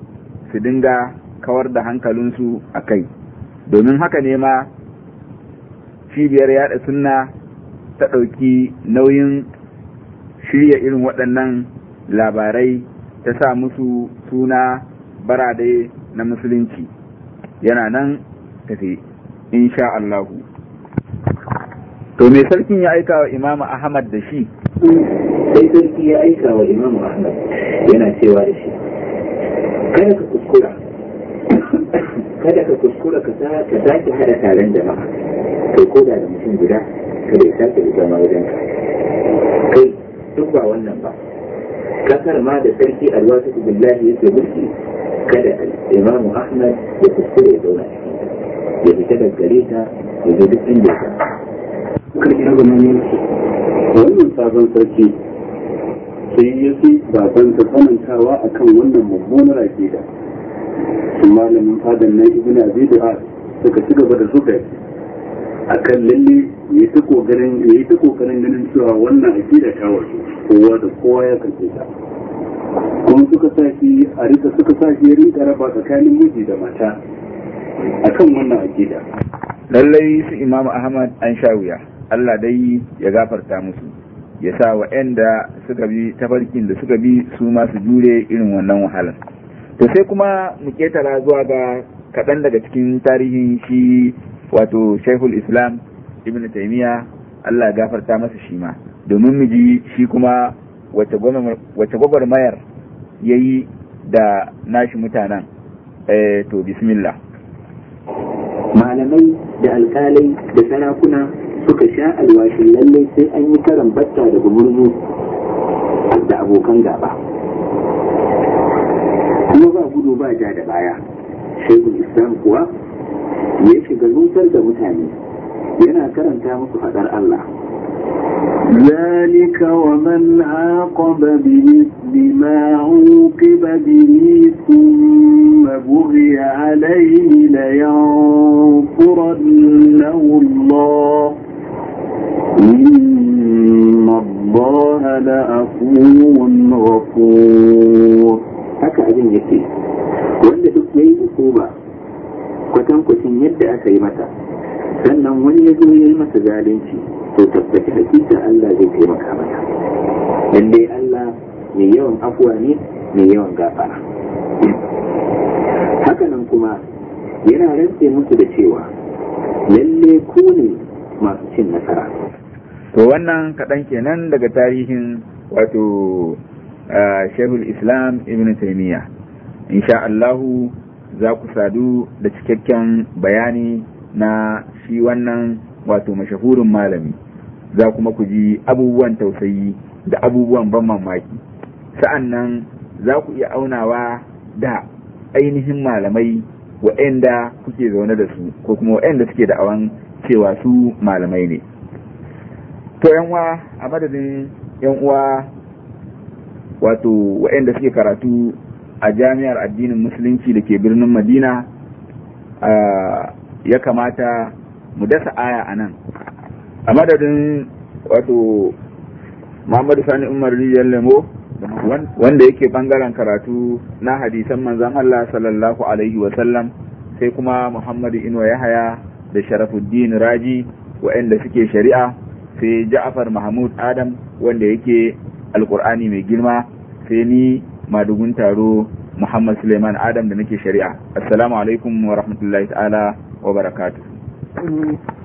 su dinga kawar da hankalinsu a kai domin haka ne ma cibiyar yada sunna ta ɗauki nauyin shirya irin waɗannan labarai ta sa musu suna barade na musulunci yana nan tafi insha Allahu to me sarkin ya aika wa imamu ahmad da shi sai sarki ya aika wa imamu ahmad yana cewa da shi kada ka kuskura kada ka kuskura ka sake hada taron jama'a kai ko da mutum guda kada ya sake zama wajen ka kai duk ba wannan ba kasar ma da sarki alwatu billahi yake mulki kada imamu ahmad ya kuskura ya zauna ya fita daga gare ta ya zo duk inda ka wannan sabon sarki sai ya fi baban ta tsanantawa a kan wannan mummunar aƙida su malamin fadan na ibn abi du'a suka ci gaba da zuga a kan lalle ya ta kokarin ya yi ta ƙoƙarin ganin cewa wannan aƙida ta wasu kowa da kowa ya kace ta kuma suka sa shi a rika suka sa shi ya rinka raba tsakanin miji da mata a kan wannan aƙida lallai su imam ahmad an sha wuya Allah dai ya gafarta musu ya sa wa'anda suka bi tafarkin da suka bi su masu jure irin wannan wahalar to sai kuma mu ketara zuwa ga kaɗan daga cikin tarihin shi wato shaihul islam ibn taimiya allah gafarta masa shi ma domin mu ji shi kuma wace gwagwarmayar ya yi da nashi mutanen eh, to bismillah malamai da alkalai da sarakuna suka sha alwashin lallai sai an yi karan batta da gumurzu da abokan gaba kuma ba gudu ba ja da baya shaikul islam kuwa ya shiga zuntar da mutane yana karanta musu faɗar allah ذلك ومن عاقب بمثل ما عوقب به ثم بغي عليه لينصرنه الله إن الله لأفو غفور haka abin yake wanda duk ya yi hukuma kwatankwacin yadda aka yi mata sannan wani ya zo ya yi masa zalunci to tabbaci hakika Allah zai taimaka mata lallai Allah mai yawan afuwa ne mai yawan gafara hakanan kuma yana rantse musu da cewa lallai ku ne masu cin nasara to wannan kaɗan kenan daga tarihin wato shehul islam ibn taimiyya insha Allahu za ku sadu da cikakken bayani na shi wannan wato mashahurin malami za kuma ku ji abubuwan tausayi da abubuwan ban mamaki sa'an nan za ku iya aunawa da ainihin malamai wa'anda kuke zaune da su ko kuma wa'anda suke da awan cewa su malamai ne to yanwa a madadin yan uwa wato waɗanda suke karatu a jami'ar addinin musulunci da ke birnin madina ya kamata mu dasa aya a nan a madadin wato muhammadu sani umar rijiyar lemo wanda yake bangaren karatu na hadisan manzan allah sallallahu alaihi wasallam sai kuma muhammadu inuwa yahaya da sharafuddin raji waɗanda suke shari'a sai ja'afar mahmud adam wanda yake alkur'ani mai girma sai ni madugun taro muhammad suleiman adam da nake shari'a assalamu alaikum wa rahmatullahi ta'ala wa barakatuh mm.